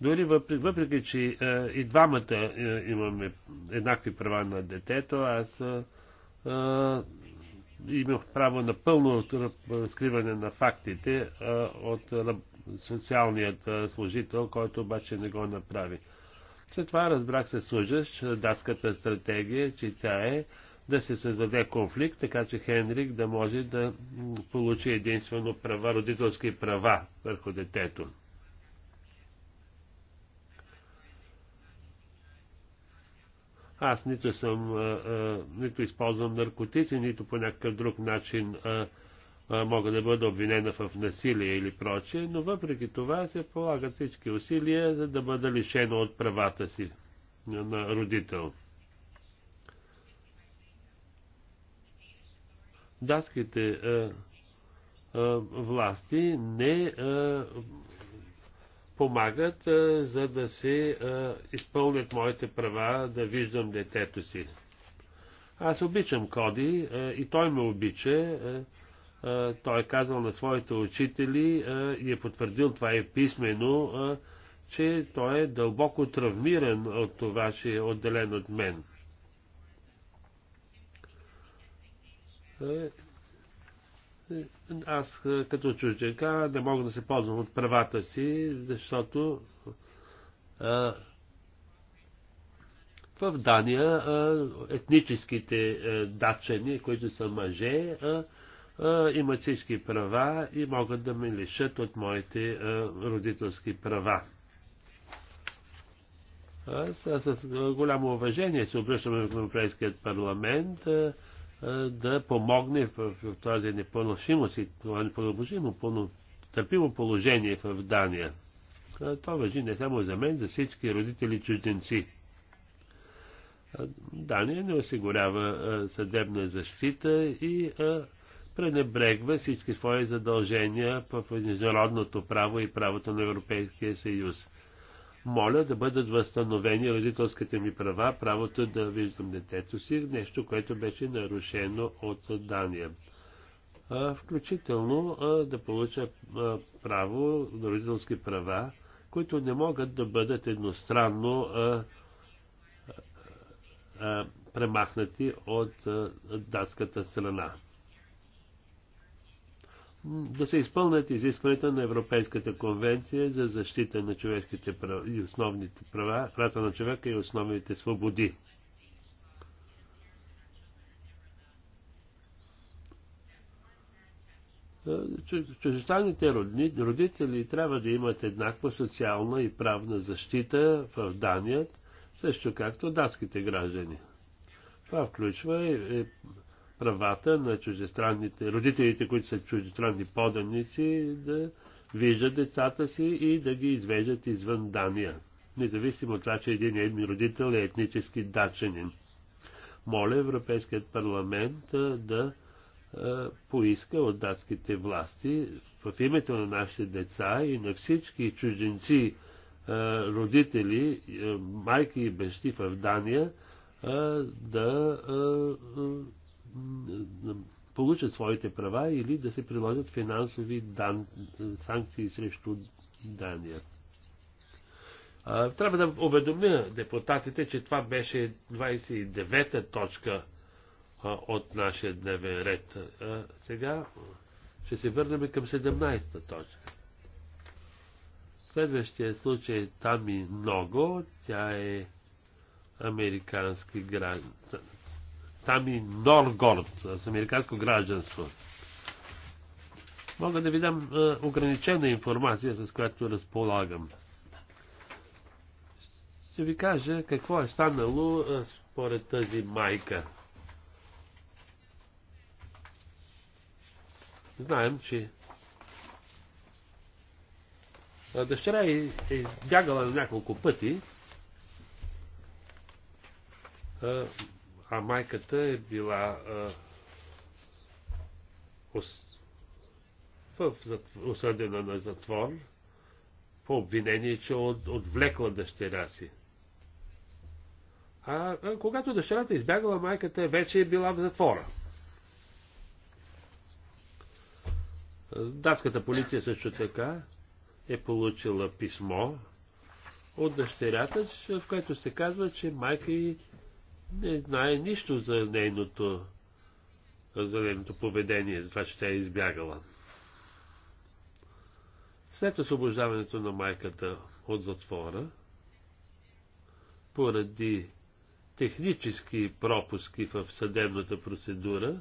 [SPEAKER 4] Дори въпреки, въпреки че е, и двамата имаме еднакви права на детето, аз имах право на пълно разкриване на фактите от социалният служител, който обаче не го направи. След това разбрах се служащ датската стратегия, че тя е да се създаде конфликт, така че Хенрик да може да получи единствено права, родителски права върху детето. Аз нито съм, а, а, нито използвам наркотици, нито по някакъв друг начин а, а, мога да бъда обвинена в насилие или прочее, но въпреки това се полагат всички усилия, за да бъда лишена от правата си на родител. Датските а, а, власти не а, помагат, а, за да се а, изпълнят моите права да виждам детето си. Аз обичам Коди а, и той ме обича. А, а, той е казал на своите учители а, и е потвърдил това е писменно, а, че той е дълбоко травмиран от това, че е отделен от мен. Е, аз като чужденка не мога да се ползвам от правата си, защото а, в Дания а, етническите а, датчани, които са мъже, а, а, имат всички права и могат да ме лишат от моите а, родителски права. Аз с, с голямо уважение се обръщаме в Европейският парламент. А, да помогне в, в тази непоносимо си, непоносимо, пълно търпимо положение в Дания. Това въжи не само за мен, за всички родители чужденци. Дания не осигурява съдебна защита и пренебрегва всички свои задължения в международното право и правото на Европейския съюз моля да бъдат възстановени родителските ми права, правото да виждам детето си, нещо, което беше нарушено от Дания. Включително да получа право, родителски права, които не могат да бъдат едностранно премахнати от датската страна да се изпълнят изискванията на Европейската конвенция за защита на човешките права и основните права, правата на човека и основните свободи. Е, чужестранните родители трябва да имат еднаква социална и правна защита в Дания, също както датските граждани. Това включва и правата на чуждестранните, родителите, които са чуждестранни поданици, да виждат децата си и да ги извеждат извън Дания. Независимо от това, че един родител е етнически даченин. Моля Европейският парламент да поиска от датските власти в името на нашите деца и на всички чужденци, родители, майки и бащи в Дания да получат своите права или да се приложат финансови дан... санкции срещу Дания. А, трябва да уведомя депутатите, че това беше 29-та точка а, от нашия дневен ред. А, сега ще се върнем към 17-та точка. Следващия случай е Тами Много, тя е американски граждан, Тами Норгорд с американско гражданство. Мога да ви дам е, ограничена информация, с която разполагам. Ще ви кажа какво е станало е, според тази майка. Знаем, че е, дъщеря е избягала няколко пъти а майката е била в осъдена на затвор по обвинение, че от, отвлекла дъщеря си. А, а когато дъщерята е избягала, майката е вече е била в затвора. Датската полиция също така е получила писмо от дъщерята, в което се казва, че майка й не знае нищо за нейното, за нейното поведение, за това, че тя е избягала. След освобождаването на майката от затвора, поради технически пропуски в съдебната процедура,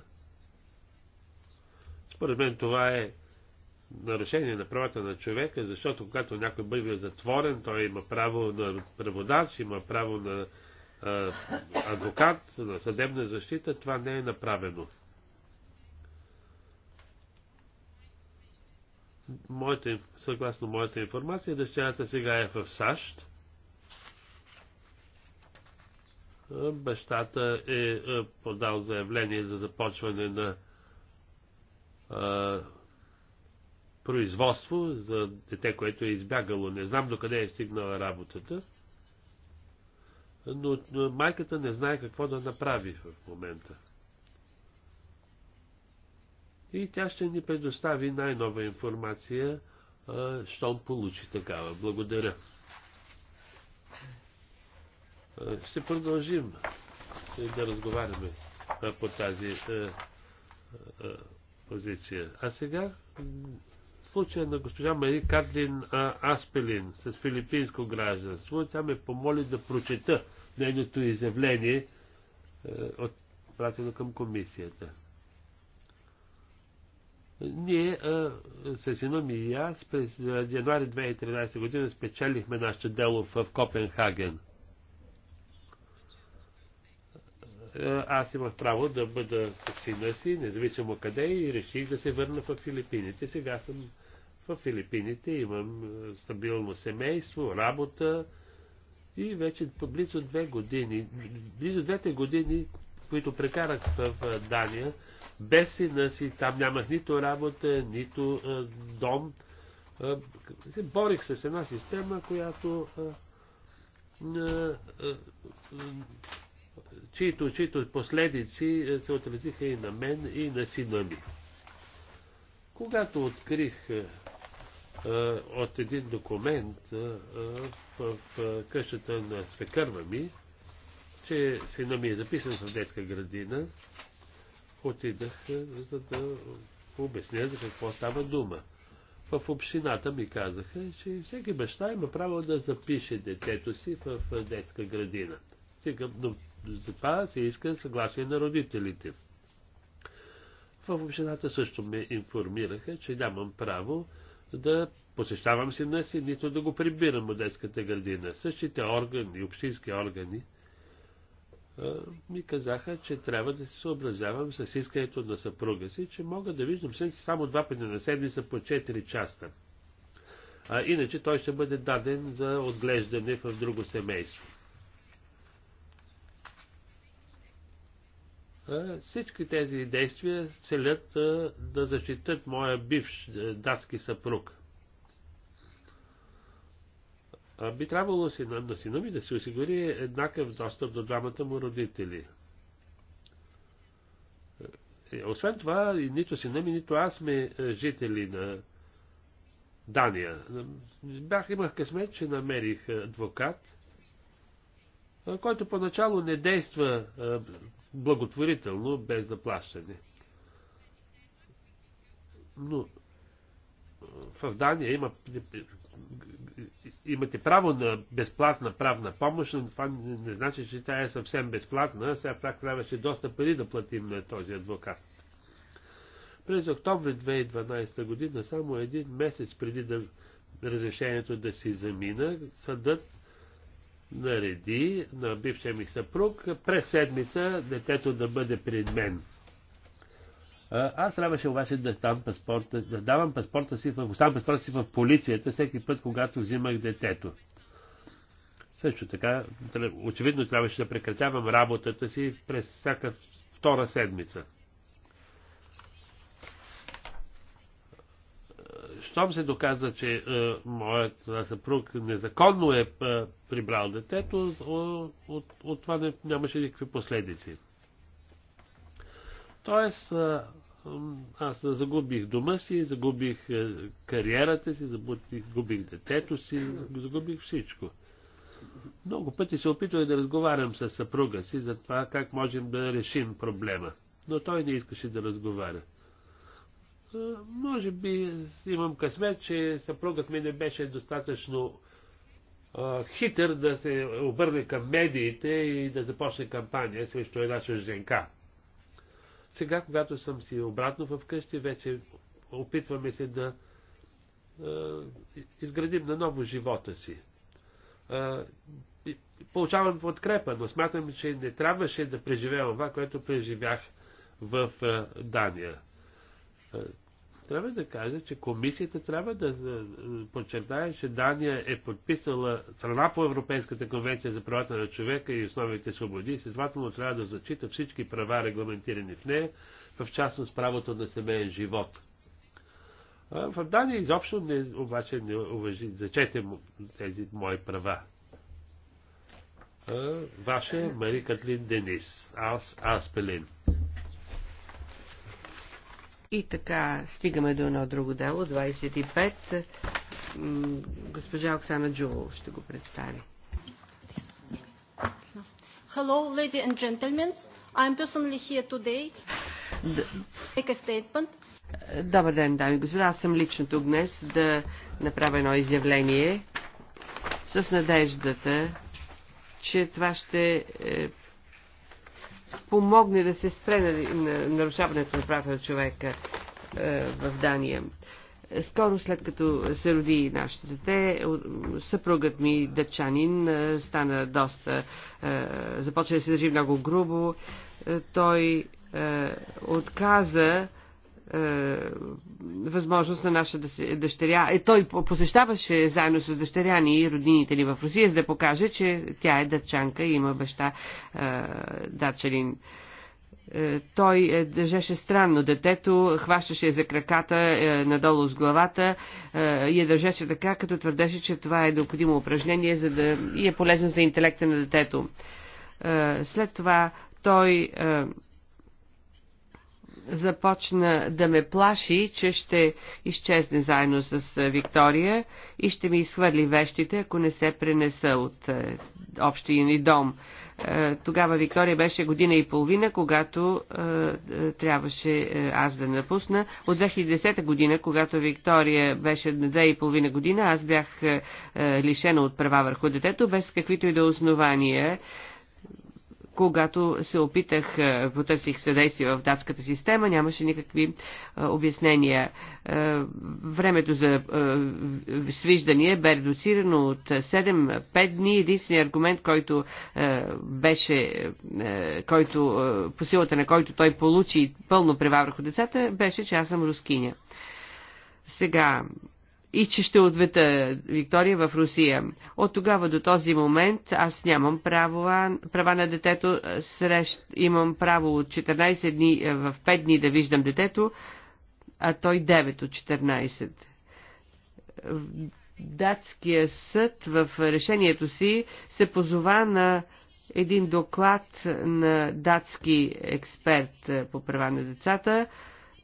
[SPEAKER 4] според мен това е нарушение на правата на човека, защото когато някой бъде затворен, той има право на преводач, има право на адвокат, на съдебна защита, това не е направено. Моята, съгласно моята информация, дъщерята сега е в САЩ. Бащата е подал заявление за започване на производство за дете, което е избягало. Не знам докъде е стигнала работата но майката не знае какво да направи в момента. И тя ще ни предостави най-нова информация, щом получи такава. Благодаря. Ще продължим да разговаряме по тази позиция. А сега случая на госпожа Мари Катлин Аспелин с филипинско гражданство. Тя ме помоли да прочета нейното изявление, е, отпратено към комисията. Ние е, с ми и аз през е, януари 2013 година спечелихме нашето дело в Копенхаген. Аз имах право да бъда с сина си, независимо къде, и реших да се върна в Филипините. Сега съм в Филипините, имам стабилно семейство, работа, и вече близо две години, близо двете години, които прекарах в Дания, без сина си, там нямах нито работа, нито дом. Борих се с една система, която чието, чието последици се отразиха и на мен, и на сина ми. Когато открих от един документ в къщата на свекърва ми, че сина ми е записан в детска градина, отидах за да обясня за какво става дума. В общината ми казаха, че всеки баща има право да запише детето си в детска градина. но за това се иска съгласие на родителите. В общината също ме информираха, че нямам право да посещавам сина си, нито да го прибирам от детската градина. Същите органи, общински органи, ми казаха, че трябва да се съобразявам с искането на съпруга си, че мога да виждам си само два пъти на седмица по 4 часа. А, иначе той ще бъде даден за отглеждане в друго семейство. Всички тези действия целят да защитат моя бивш е, датски съпруг. би трябвало си на сина ми да се осигури еднакъв достъп до двамата му родители. Е, освен това, нито сина ми, нито аз сме е, жители на Дания. Бях, имах късмет, че намерих адвокат, който поначало не действа благотворително, без заплащане. Но в Дания има, имате право на безплатна правна помощ, но това не, не значи, че тя е съвсем безплатна. Сега пак трябваше доста пари да платим на този адвокат. През октомври 2012 година, само един месец преди да разрешението да си замина, съдът нареди на бившия ми съпруг през седмица детето да бъде пред мен. Аз трябваше обаче да, дам паспорта, да давам паспорта си, в, оставам паспорта си в полицията всеки път, когато взимах детето. Също така, очевидно трябваше да прекратявам работата си през всяка втора седмица. щом се доказва, че е, моят съпруг незаконно е, е прибрал детето, от, от, от това не, нямаше никакви последици. Тоест, е, аз загубих дома си, загубих е, кариерата си, загубих детето си, загубих всичко. Много пъти се опитвах да разговарям с съпруга си за това как можем да решим проблема, но той не искаше да разговаря може би имам късмет, че съпругът ми не беше достатъчно а, хитър да се обърне към медиите и да започне кампания срещу една чужденка. Сега, когато съм си обратно в къщи, вече опитваме се да а, изградим на ново живота си. А, получавам подкрепа, но смятам, че не трябваше да преживявам това, което преживях в а, Дания трябва да кажа, че комисията трябва да подчертае, че Дания е подписала страна по Европейската конвенция за правата на човека и основните свободи и следователно трябва да зачита всички права, регламентирани в нея, в частност правото на семейен живот. В Дания изобщо не, обаче не уважи, зачете тези мои права. Ваше е Мари Катлин Денис, Аз Аспелин.
[SPEAKER 2] И така стигаме до едно друго дело, 25. Госпожа Оксана Джувол ще го представи.
[SPEAKER 5] Hello, ladies and gentlemen. I'm personally here today make a statement.
[SPEAKER 2] Добър ден, дами и господа. Аз съм лично тук днес да направя едно изявление с надеждата, че това ще е, помогне да се спре на, на нарушаването на правата на човека е, в Дания. Скоро след като се роди нашето дете, съпругът ми, дъчанин, е, стана доста... Е, започна да се държи много грубо. Е, той е, отказа е, възможност на наша дъщеря. Е, той посещаваше заедно с дъщеря ни и роднините ни в Русия, за да покаже, че тя е дъчанка и има баща е, дачелин. Е, той е, държеше странно детето, хващаше за краката надолу с главата и я държеше така, като твърдеше, че това е необходимо упражнение за да... и е полезно за интелекта на детето. след това той започна да ме плаши, че ще изчезне заедно с Виктория и ще ми изхвърли вещите, ако не се пренеса от общия ни дом. тогава Виктория беше година и половина, когато е, трябваше аз да напусна. От 2010 година, когато Виктория беше на две и половина година, аз бях лишена от права върху детето, без каквито и да основания когато се опитах, е, потърсих съдействие в датската система, нямаше никакви е, обяснения. Е, времето за свиждане бе редуцирано от 7-5 дни. Единственият аргумент, който беше, който, по силата на който той получи пълно превар върху децата, беше, че аз съм рускиня. Сега, и че ще ответа Виктория в Русия. От тогава до този момент аз нямам права, права на детето, срещ, имам право от 14 дни е, в 5 дни да виждам детето, а той 9 от 14. Датския съд в решението си се позова на един доклад на датски експерт е, по права на децата,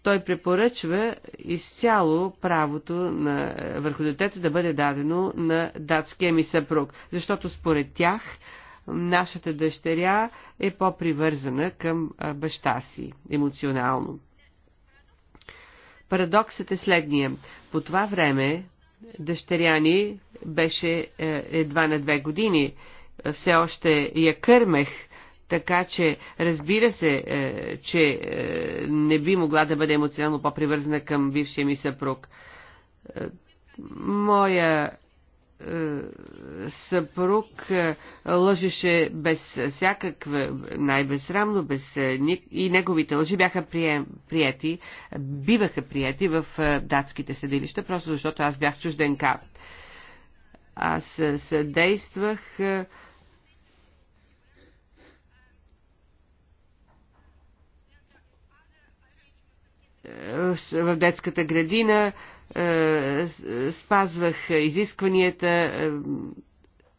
[SPEAKER 2] той препоръчва изцяло правото на, върху детето да бъде дадено на датския ми съпруг, защото според тях нашата дъщеря е по-привързана към баща си емоционално. Парадоксът е следния. По това време дъщеря ни беше е, едва на две години. Все още я кърмех така че, разбира се, е, че е, не би могла да бъде емоционално по-привързана към бившия ми съпруг. Е, моя е, съпруг е, лъжеше без всякаква, най безрамно без е, и неговите лъжи бяха прием, прияти, биваха прияти в датските съдилища, просто защото аз бях чужденка. Аз съдействах в детската градина, е, спазвах изискванията е,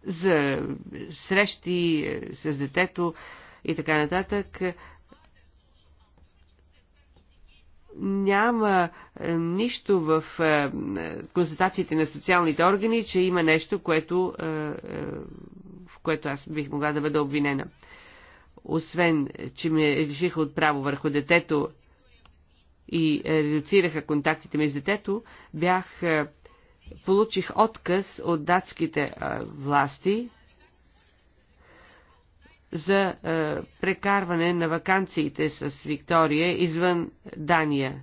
[SPEAKER 2] за срещи е, с детето и така нататък. Няма нищо в констатациите на социалните органи, че има нещо, което, в което аз бих могла да бъда обвинена освен, че ме лишиха от право върху детето и е, редуцираха контактите ми с детето, бях, е, получих отказ от датските е, власти за прекарване на вакансиите с Виктория извън Дания.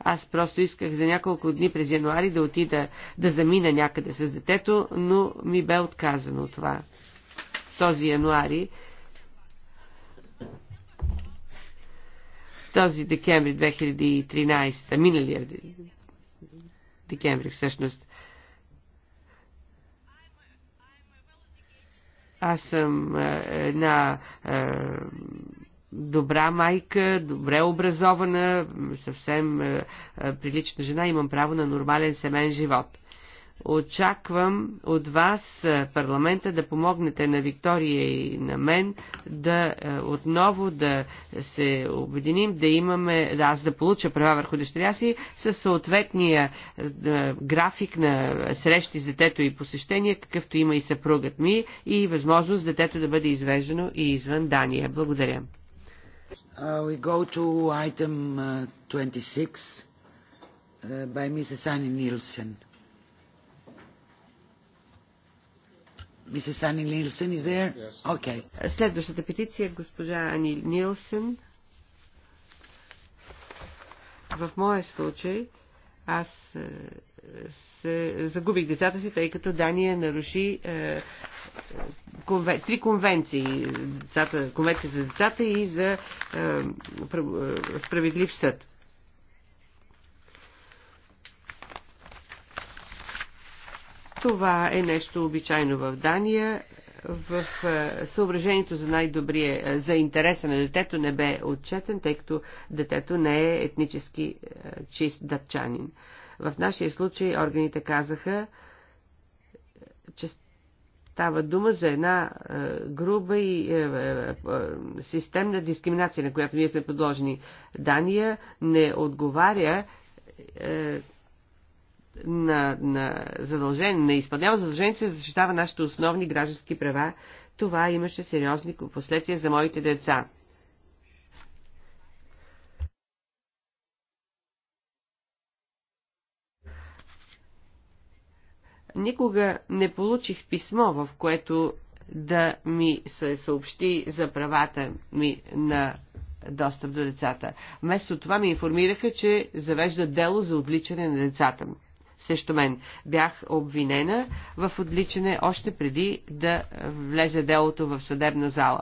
[SPEAKER 2] Аз просто исках за няколко дни през януари да отида да замина някъде с детето, но ми бе отказано това. Този януари Този декември 2013, миналия декември всъщност, аз съм е, една е, добра майка, добре образована, съвсем е, прилична жена, имам право на нормален семен живот. Очаквам от вас, е, парламента, да помогнете на Виктория и на мен да е, отново да се обединим, да имаме, да аз да получа права върху дъщеря си с съответния е, график на срещи с детето и посещения, какъвто има и съпругът ми и възможност детето да бъде извеждано и извън Дания. Благодаря.
[SPEAKER 3] Uh, we go to item uh, 26 uh, by Mrs. Annie Nielsen. Mrs. Annie Nielsen is there? Yes.
[SPEAKER 2] Okay. Следващата петиция госпожа Ани Нилсен. В моя случай аз е, се загубих децата си, тъй като Дания наруши е, е три конвенции. Децата, конвенция за децата и за е, е справедлив съд. Това е нещо обичайно в Дания. В е, съображението за най добрия е, за интереса на детето не бе отчетен, тъй като детето не е етнически е, чист датчанин. В нашия случай органите казаха, че става дума за една груба и системна дискриминация, на която ние сме подложени. Дания не отговаря на, на задължение, не изпълнява задължението се да защитава нашите основни граждански права, това имаше сериозни последствия за моите деца. Никога не получих писмо, в което да ми се съобщи за правата ми на достъп до децата. Вместо това ми информираха, че завежда дело за отвличане на децата ми срещу мен. Бях обвинена в отличане още преди да влезе делото в съдебна зала.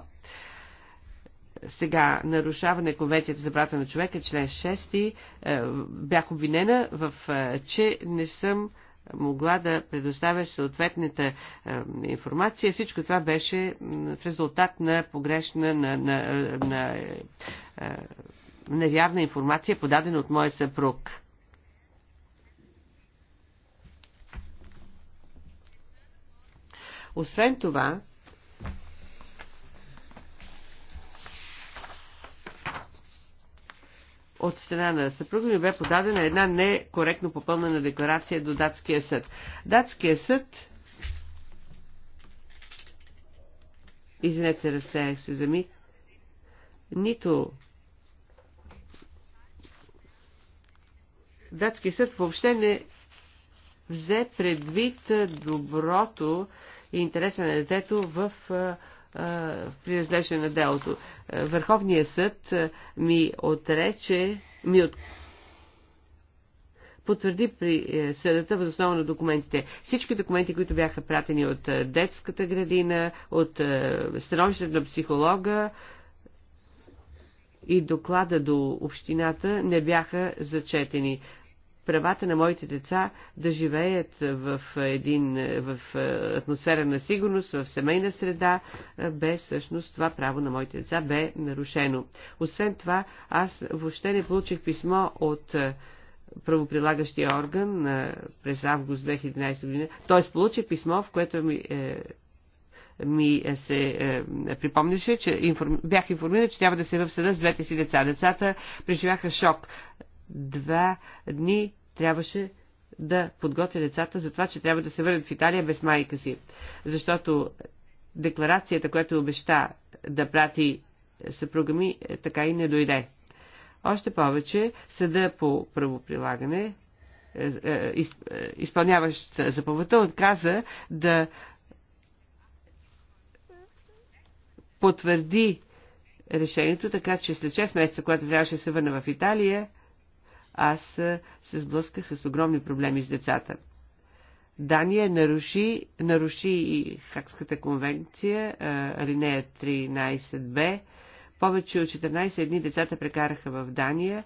[SPEAKER 2] Сега, нарушаване Конвенцията за правата на човека, член 6, е, бях обвинена в, е, че не съм могла да предоставя съответната е, информация. Всичко това беше в резултат на погрешна, на, на, на е, е, невярна информация, подадена от моя съпруг. Освен това, от страна на съпруга ми бе подадена една некоректно попълнена декларация до датския съд. Датския съд Извинете, разтеях се за миг. Нито датски съд въобще не взе предвид доброто и интереса на детето в при разглеждане на делото. Върховният съд ми отрече, ми от... потвърди при е, съдата възоснова на документите. Всички документи, които бяха пратени от детската градина, от становището на психолога и доклада до общината не бяха зачетени правата на моите деца да живеят в, един, в атмосфера на сигурност, в семейна среда, бе всъщност това право на моите деца бе нарушено. Освен това, аз въобще не получих писмо от правоприлагащия орган през август 2011 година, т.е. получих писмо, в което ми е, ми е се е, припомняше, че информ... бях информирана, че трябва да се в съда с двете си деца. Децата преживяха шок два дни трябваше да подготвя децата за това, че трябва да се върнат в Италия без майка си. Защото декларацията, която обеща да прати съпруга ми, е, така и не дойде. Още повече, съда по правоприлагане, е, е, изпълняващ заповедта, отказа да потвърди решението, така че след 6 месеца, когато трябваше да се върна в Италия, аз се сблъсках с огромни проблеми с децата. Дания наруши, наруши и Хакската конвенция, алинея 13б. Повече от 14 дни децата прекараха в Дания.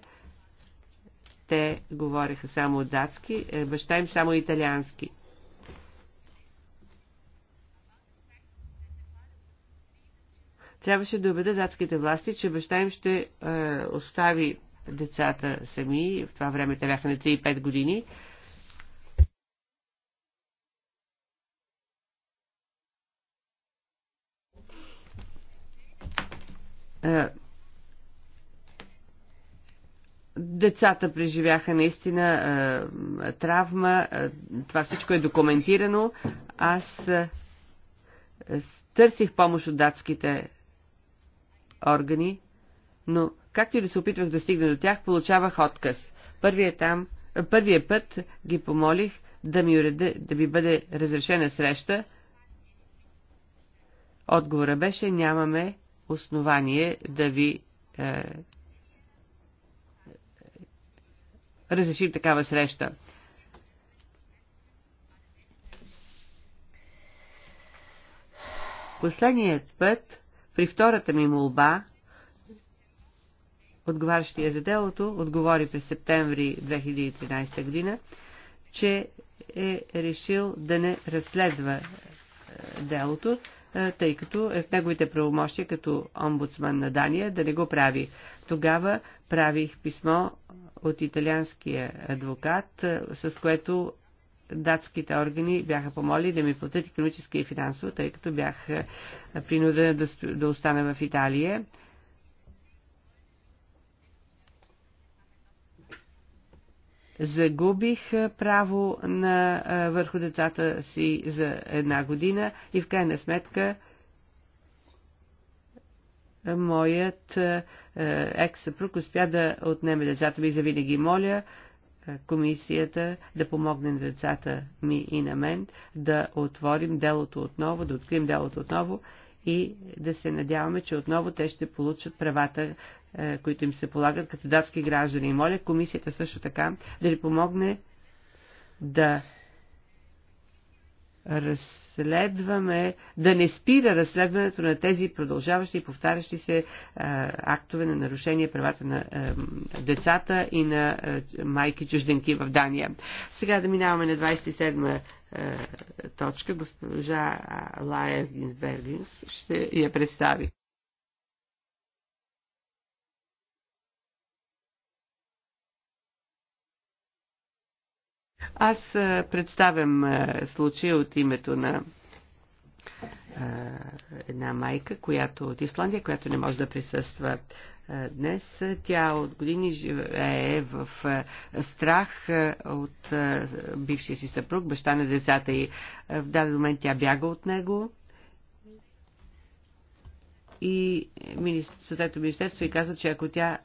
[SPEAKER 2] Те говореха само датски, е, баща им само италиански. Трябваше да убеда датските власти, че баща им ще е, остави децата сами. В това време те бяха на 3-5 години. Е, децата преживяха наистина е, травма. Е, това всичко е документирано. Аз е, търсих помощ от датските органи, но Както и да се опитвах да стигна до тях, получавах отказ. Първият, там, първия път ги помолих да ми, уреда, да ми бъде разрешена среща. Отговора беше, нямаме основание да ви е, разрешим такава среща. Последният път, при втората ми молба, отговарящия за делото, отговори през септември 2013 година, че е решил да не разследва е, делото, е, тъй като е в неговите правомощия като омбудсман на Дания да не го прави. Тогава правих писмо от италианския адвокат, е, с което датските органи бяха помолили да ми платят економически и финансово, тъй като бях принудена да, да остана в Италия Загубих право на, върху децата си за една година и в крайна сметка моят екс-съпруг успя да отнеме децата ми за винаги. Моля комисията да помогне на децата ми и на мен да отворим делото отново, да открием делото отново и да се надяваме, че отново те ще получат правата, е, които им се полагат като датски граждани. И моля комисията също така да ли помогне да разследваме, да не спира разследването на тези продължаващи и повтарящи се а, е, актове на нарушение правата на а, е, децата и на а, майки чужденки в Дания. Сега да минаваме на 27 а, точка. Госпожа Лая Гинсбергинс ще я представи. Аз представям случая от името на една майка, която от Исландия, която не може да присъства днес. Тя от години живее в страх от бившия си съпруг, баща на децата и в даден момент тя бяга от него. И министерството, министерство и каза, че ако тя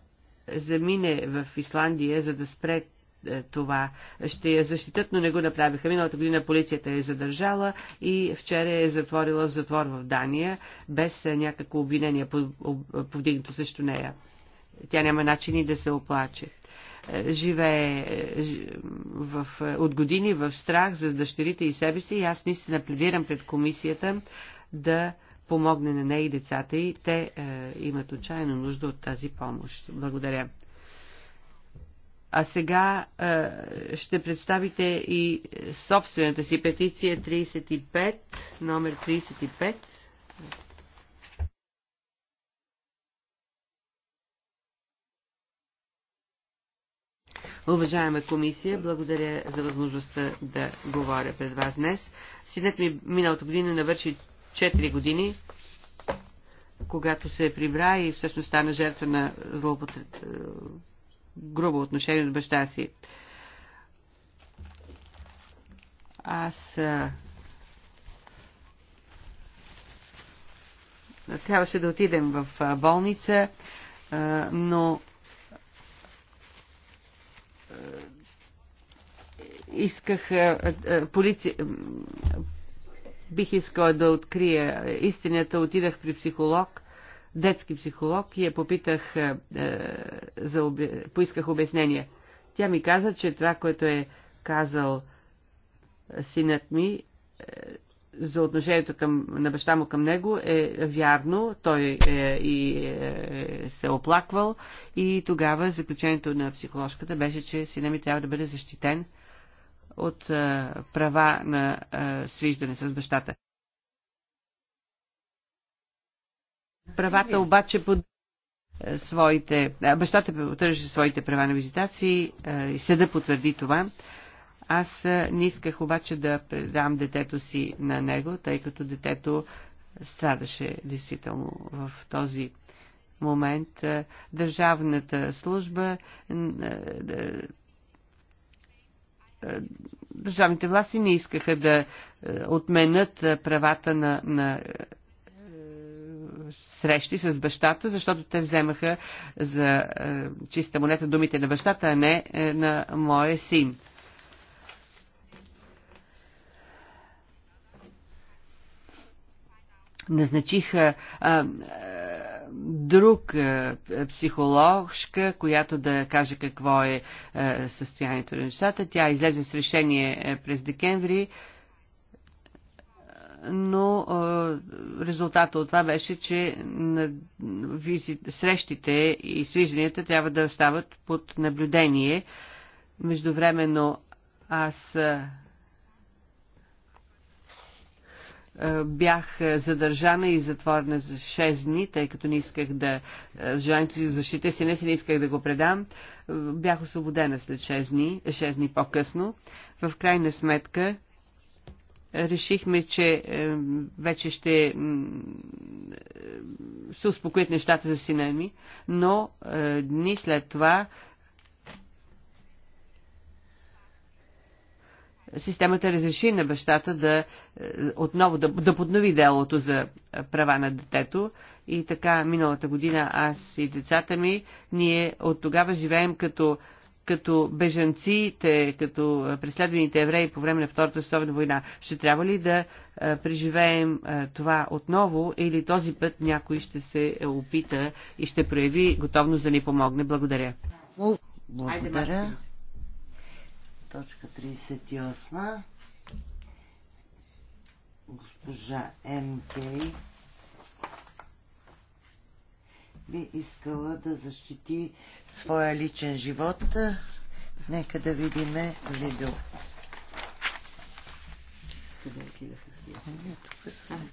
[SPEAKER 2] замине в Исландия, за да спре е, това. Ще я защитат, но не го направиха. Миналата година полицията е задържала и вчера е затворила в затвор в Дания, без е, някакво обвинение повдигнато срещу нея. Тя няма начини да се оплаче е, живее в, от години в страх за дъщерите и себе си и аз наистина пледирам пред комисията да помогне на нея и децата и те е, имат отчаяно нужда от тази помощ. Благодаря. А сега а, е, ще представите и собствената си петиция 35, номер 35. Уважаема комисия, благодаря за възможността да говоря пред вас днес. Синът ми миналата година навърши 4 години, когато се прибра и всъщност стана жертва на злоупотреб грубо отношение от баща си. Аз трябваше да отидем в болница, но исках полиция. Бих искала да открия истината. Отидах при психолог детски психолог и я попитах, е, е за поисках обяснение. Тя ми каза, че това, което е казал е, синът ми е, за отношението към, на баща му към него е вярно. Той е, и е, е, се оплаквал и тогава заключението на психоложката беше, че сина ми трябва да бъде защитен от е, права на е, свиждане с бащата. правата обаче под е, своите... Бащата поддържа своите права на визитации е, и съда потвърди това. Аз е, не исках обаче да предам детето си на него, тъй като детето страдаше действително в този момент. Държавната служба, държавните власти не искаха да отменят правата на, на срещи с бащата, защото те вземаха за е, чиста монета думите на бащата, а не е, на моя син. Назначиха а, е, а, е, друг а, е, психоложка, която да каже какво е а, състоянието на нещата. Тя излезе с решение през декември. А, но резултата от това беше, че срещите и свижданията трябва да остават под наблюдение. Междувременно аз бях задържана и затворена за 6 дни, тъй като не исках да... Желанието си за защита си не си не исках да го предам. Бях освободена след 6 дни, 6 дни по-късно. В крайна сметка решихме, че е, вече ще е, се успокоят нещата за сина ми, но е, дни след това системата разреши на бащата да отново да, да поднови делото за права на детето. И така миналата година аз и децата ми, ние от тогава живеем като като бежанците, като преследваните евреи по време на Втората световна война. Ще трябва ли да преживеем това отново или този път някой ще се е, опита и ще прояви готовност да ни помогне? Благодаря.
[SPEAKER 3] Благодаря. Точка 38. Госпожа МК би искала да защити своя личен живот. Нека да видиме видео. There's no sound.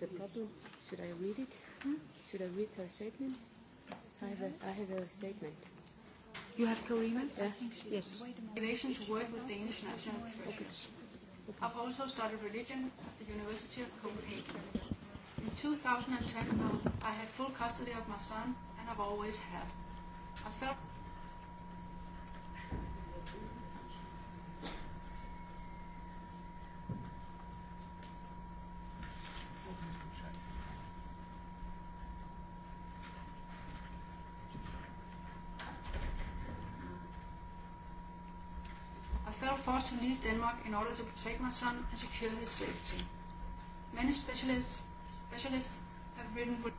[SPEAKER 2] the problem. Should I read it? Hmm? Should I read her statement? I have a, I have a statement. You have co-remits? Yeah. Yes. In relation to work with the English national treasures. Okay. I've also studied religion at the
[SPEAKER 1] University of Copenhagen. In 2010, I had full custody of my son, and I've always had. I felt Denmark in order to protect my son and secure his safety. Many specialists, specialists have written with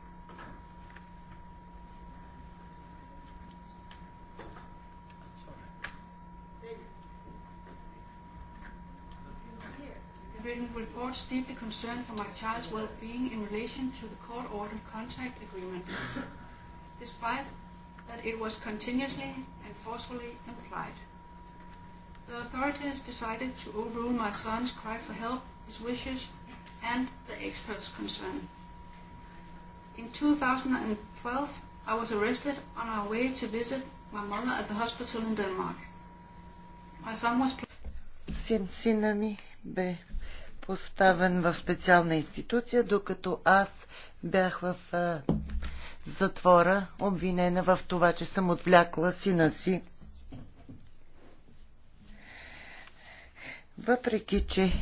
[SPEAKER 1] written reports deeply concerned for my child's well-being in relation to the court-ordered contact agreement, despite that it was continuously and forcefully implied.
[SPEAKER 2] The authorities decided to overrule my son's cry for help, his wishes, and the experts' concern. In 2012, I was arrested on our way to visit my mother at the hospital in Denmark.
[SPEAKER 3] My son was Син, сина ми бе поставен в специална институция, докато аз бях в а, затвора, обвинена в това, че съм отвлякла сина си Въпреки, че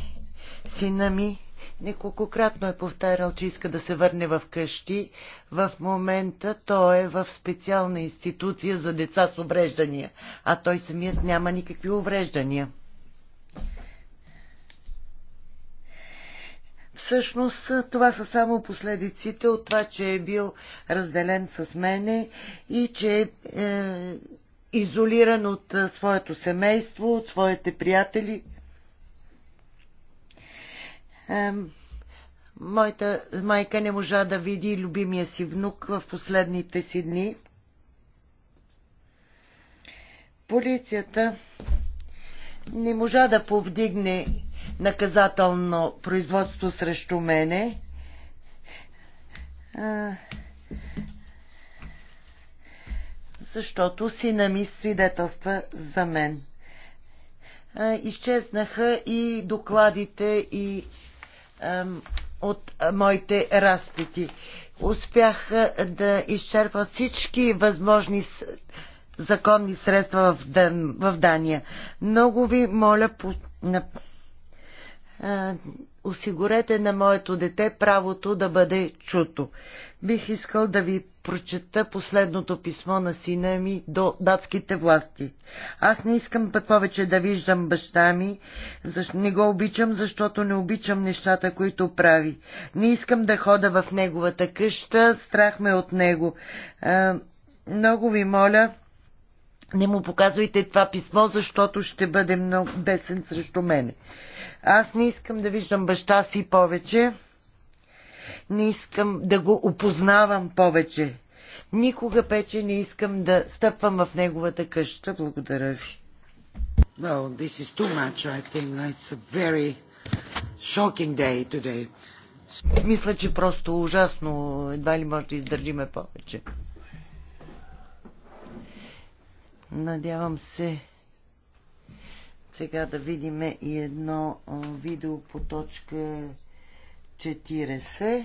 [SPEAKER 3] сина ми неколкократно е повтарял, че иска да се върне в къщи, в момента той е в специална институция за деца с обреждания, а той самият няма никакви увреждания. Всъщност това са само последиците от това, че е бил разделен с мене и че е изолиран от е, своето семейство, от своите приятели Моята майка не можа да види любимия си внук в последните си дни. Полицията не можа да повдигне наказателно производство срещу мене. Защото сина ми свидетелства за мен. Изчезнаха и докладите и от моите разпити. Успях да изчерпа всички възможни законни средства в, Дан, в Дания. Много ви моля по, на, а, осигурете на моето дете правото да бъде чуто. Бих искал да ви прочета последното писмо на сина ми до датските власти. Аз не искам път повече да виждам баща ми, защ... не го обичам, защото не обичам нещата, които прави. Не искам да хода в неговата къща, страх ме от него. А, много ви моля, не му показвайте това писмо, защото ще бъде много бесен срещу мене. Аз не искам да виждам баща си повече. Не искам да го опознавам повече. Никога пече не искам да стъпвам в неговата къща. Благодаря ви. Well, this is too much, I think. It's a very shocking day today. Мисля, че просто ужасно. Едва ли може да издържиме повече. Надявам се сега да видим и едно видео по точка 40.